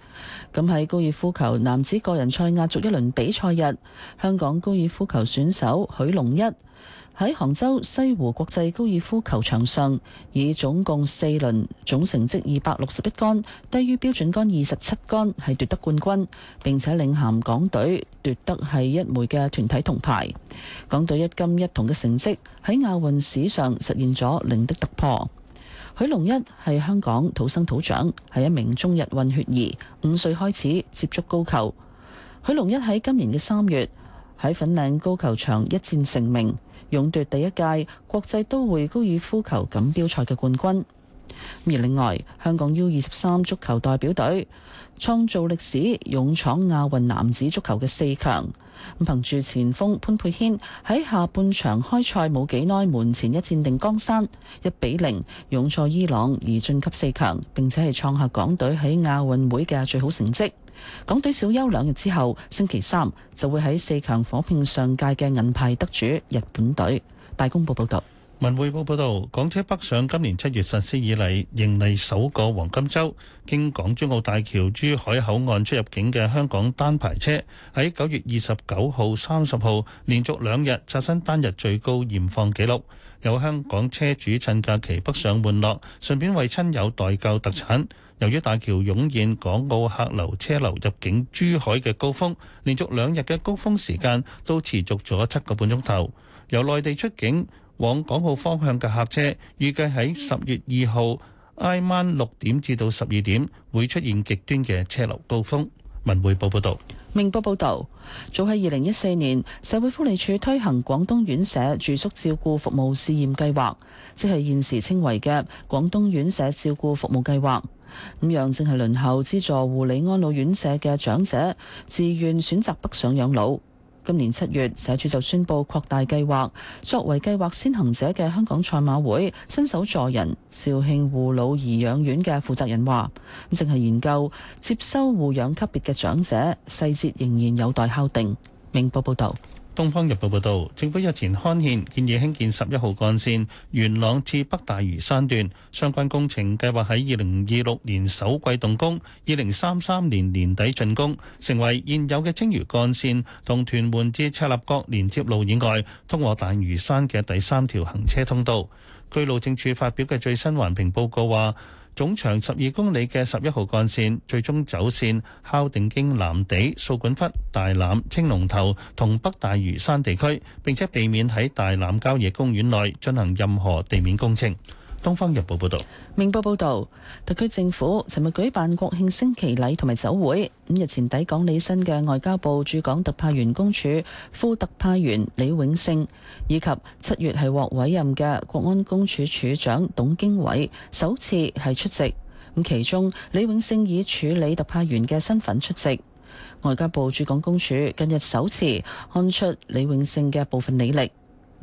咁喺高爾夫球男子個人賽壓軸一輪比賽日，香港高爾夫球選手許龍一。喺杭州西湖國際高爾夫球場上，以總共四輪總成績二百六十一杆，低於標準杆二十七杆，係奪得冠軍，並且領銜港隊奪得係一枚嘅團體銅牌。港隊一金一銅嘅成績喺亞運史上實現咗零的突破。許龍一係香港土生土長，係一名中日混血兒。五歲開始接觸高球。許龍一喺今年嘅三月喺粉嶺高球場一戰成名。勇奪第一屆國際都會高爾夫球錦標賽嘅冠軍。而另外，香港 U 二十三足球代表隊創造歷史，勇闖亞運男子足球嘅四強。咁憑住前鋒潘佩軒喺下半場開賽冇幾耐門前一戰定江山，一比零勇挫伊朗而晉級四強，並且係創下港隊喺亞運會嘅最好成績。港隊小休兩日之後，星期三就會喺四強火拼上屆嘅銀牌得主日本隊。大公報報道，文匯報報道，港車北上今年七月實施以嚟，迎嚟首個黃金周。經港珠澳大橋珠海口岸出入境嘅香港單牌車，喺九月二十九號、三十號連續兩日刷新單日最高驗放紀錄。有香港車主趁假期北上玩樂，順便為親友代購特產。由於大橋湧現港澳客流車流入境珠海嘅高峰，連續兩日嘅高峰時間都持續咗七個半鐘頭。由內地出境往港澳方向嘅客車，預計喺十月二號挨晚六點至到十二點會出現極端嘅車流高峰。文匯報報道。明報報道，早喺二零一四年，社會福利署推行廣東院舍住宿照顧服務試驗計劃，即係現時稱為嘅廣東院舍照顧服務計劃，咁樣正係輪候資助護理安老院舍嘅長者，自願選擇北上養老。今年七月，社署就宣布擴大計劃。作為計劃先行者嘅香港賽馬會伸手助人肇慶護老頤養院嘅負責人話，正係研究接收護養級別嘅長者，細節仍然有待敲定。明報報道。《東方日報》報導，政府日前刊憲建議興建十一號幹線元朗至北大嶼山段，相關工程計劃喺二零二六年首季動工，二零三三年年底竣工，成為現有嘅青嶼幹線同屯門至赤鱲角連接路以外通往大嶼山嘅第三條行車通道。據路政署發表嘅最新環評報告話。總長十二公里嘅十一號幹線最終走線敲定經藍地、掃管笏、大欖、青龍頭同北大嶼山地區，並且避免喺大欖郊野公園內進行任何地面工程。東方日報報道，明報報道，特區政府尋日舉辦國慶升旗禮同埋酒會。五日前抵港履新嘅外交部駐港特派員公署副特派員李永勝，以及七月係獲委任嘅國安公署署長董經緯，首次係出席。咁其中，李永勝以處理特派員嘅身份出席。外交部駐港公署近日首次看出李永勝嘅部分履歷。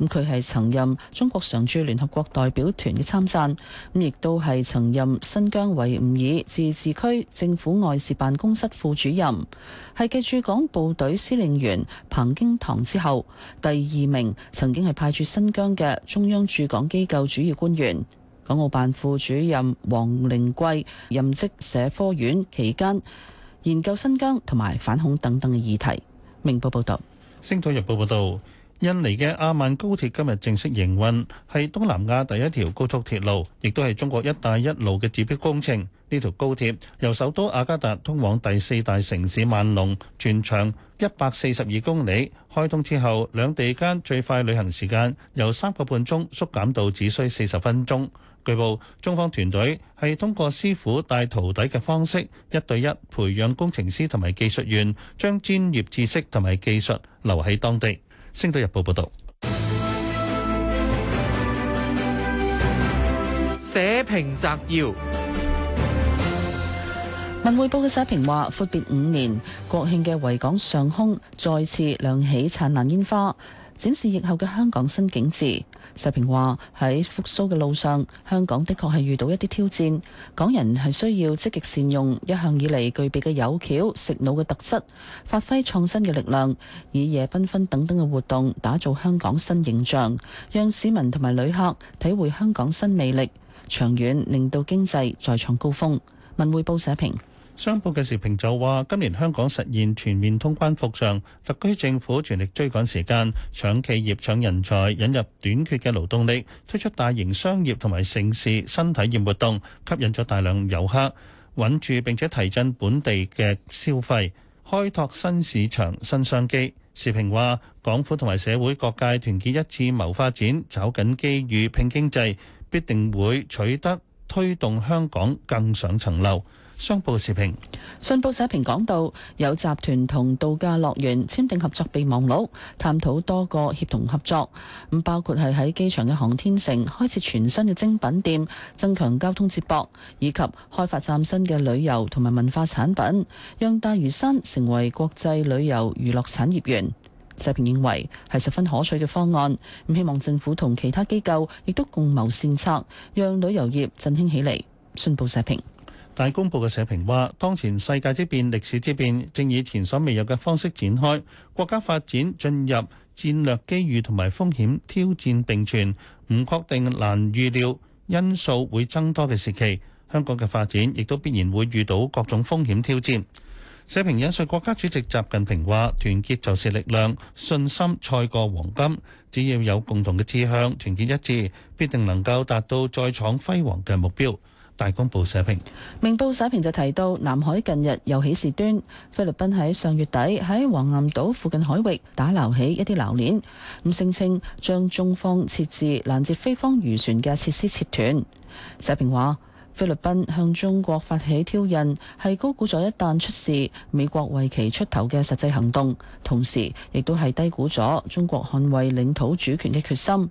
咁佢係曾任中國常駐聯合國代表團嘅參贊，咁亦都係曾任新疆維吾爾自治區政府外事辦公室副主任，係繼駐港部隊司令員彭京堂之後第二名曾經係派駐新疆嘅中央駐港機構主要官員。港澳辦副主任王寧貴任職社科院期間，研究新疆同埋反恐等等嘅議題。明報報道，《星島日報》報道。印尼嘅雅萬高鐵今日正式營運，係東南亞第一條高速鐵路，亦都係中國「一帶一路」嘅指標工程。呢條高鐵由首都雅加達通往第四大城市萬隆，全長一百四十二公里。開通之後，兩地間最快旅行時間由三個半鐘縮減到只需四十分鐘。據報，中方團隊係通過師傅帶徒弟嘅方式，一對一培養工程師同埋技術員，將專業知識同埋技術留喺當地。星島日報報道，社評摘要：文匯報嘅社評話，闊別五年，國慶嘅維港上空再次亮起燦爛煙花。展示疫後嘅香港新景致，社評話喺復蘇嘅路上，香港的確係遇到一啲挑戰，港人係需要積極善用一向以嚟具備嘅有橋食腦嘅特質，發揮創新嘅力量，以夜繽紛等等嘅活動打造香港新形象，讓市民同埋旅客體會香港新魅力，長遠令到經濟再創高峰。文匯報社評。商報嘅時評就話：今年香港實現全面通關復常，特區政府全力追趕時間，搶企業、搶人才，引入短缺嘅勞動力，推出大型商業同埋城市新體驗活動，吸引咗大量遊客，穩住並且提振本地嘅消費，開拓新市場、新商機。時評話：港府同埋社會各界團結一致謀發展，抓緊機遇拼經濟，必定會取得推動香港更上層樓。商報社評，信報社評講到，有集團同度假樂園簽訂合作備忘錄，探討多個協同合作。咁包括係喺機場嘅航天城開設全新嘅精品店，增強交通接駁，以及開發嶄新嘅旅遊同埋文化產品，讓大嶼山成為國際旅遊娛樂產業園。社評認為係十分可取嘅方案。咁希望政府同其他機構亦都共謀善策，讓旅遊業振興起嚟。信報社評。大公報嘅社評話：當前世界之變、歷史之變，正以前所未有嘅方式展開，國家發展進入戰略機遇同埋風險挑戰並存、唔確定、難預料因素會增多嘅時期。香港嘅發展亦都必然會遇到各種風險挑戰。社評引述國家主席習近平話：團結就是力量，信心賽過黃金，只要有共同嘅志向、團結一致，必定能夠達到再創輝煌嘅目標。大公報社評。明報社評就提到南海近日又起事端，菲律賓喺上月底喺黃岩島附近海域打撈起一啲榴鏈，咁聲稱將中方設置攔截菲方漁船嘅設施切斷。社評話，菲律賓向中國發起挑釁，係高估咗一旦出事美國為其出頭嘅實際行動，同時亦都係低估咗中國捍衛領土主權嘅決心。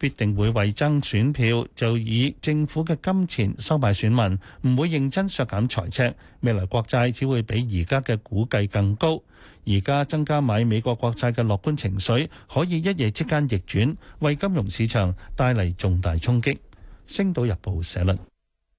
必定會為爭選票，就以政府嘅金錢收買選民，唔會認真削減財赤。未來國債只會比而家嘅估計更高。而家增加買美國國債嘅樂觀情緒，可以一夜之間逆轉，為金融市場帶嚟重大衝擊，星島日報社論。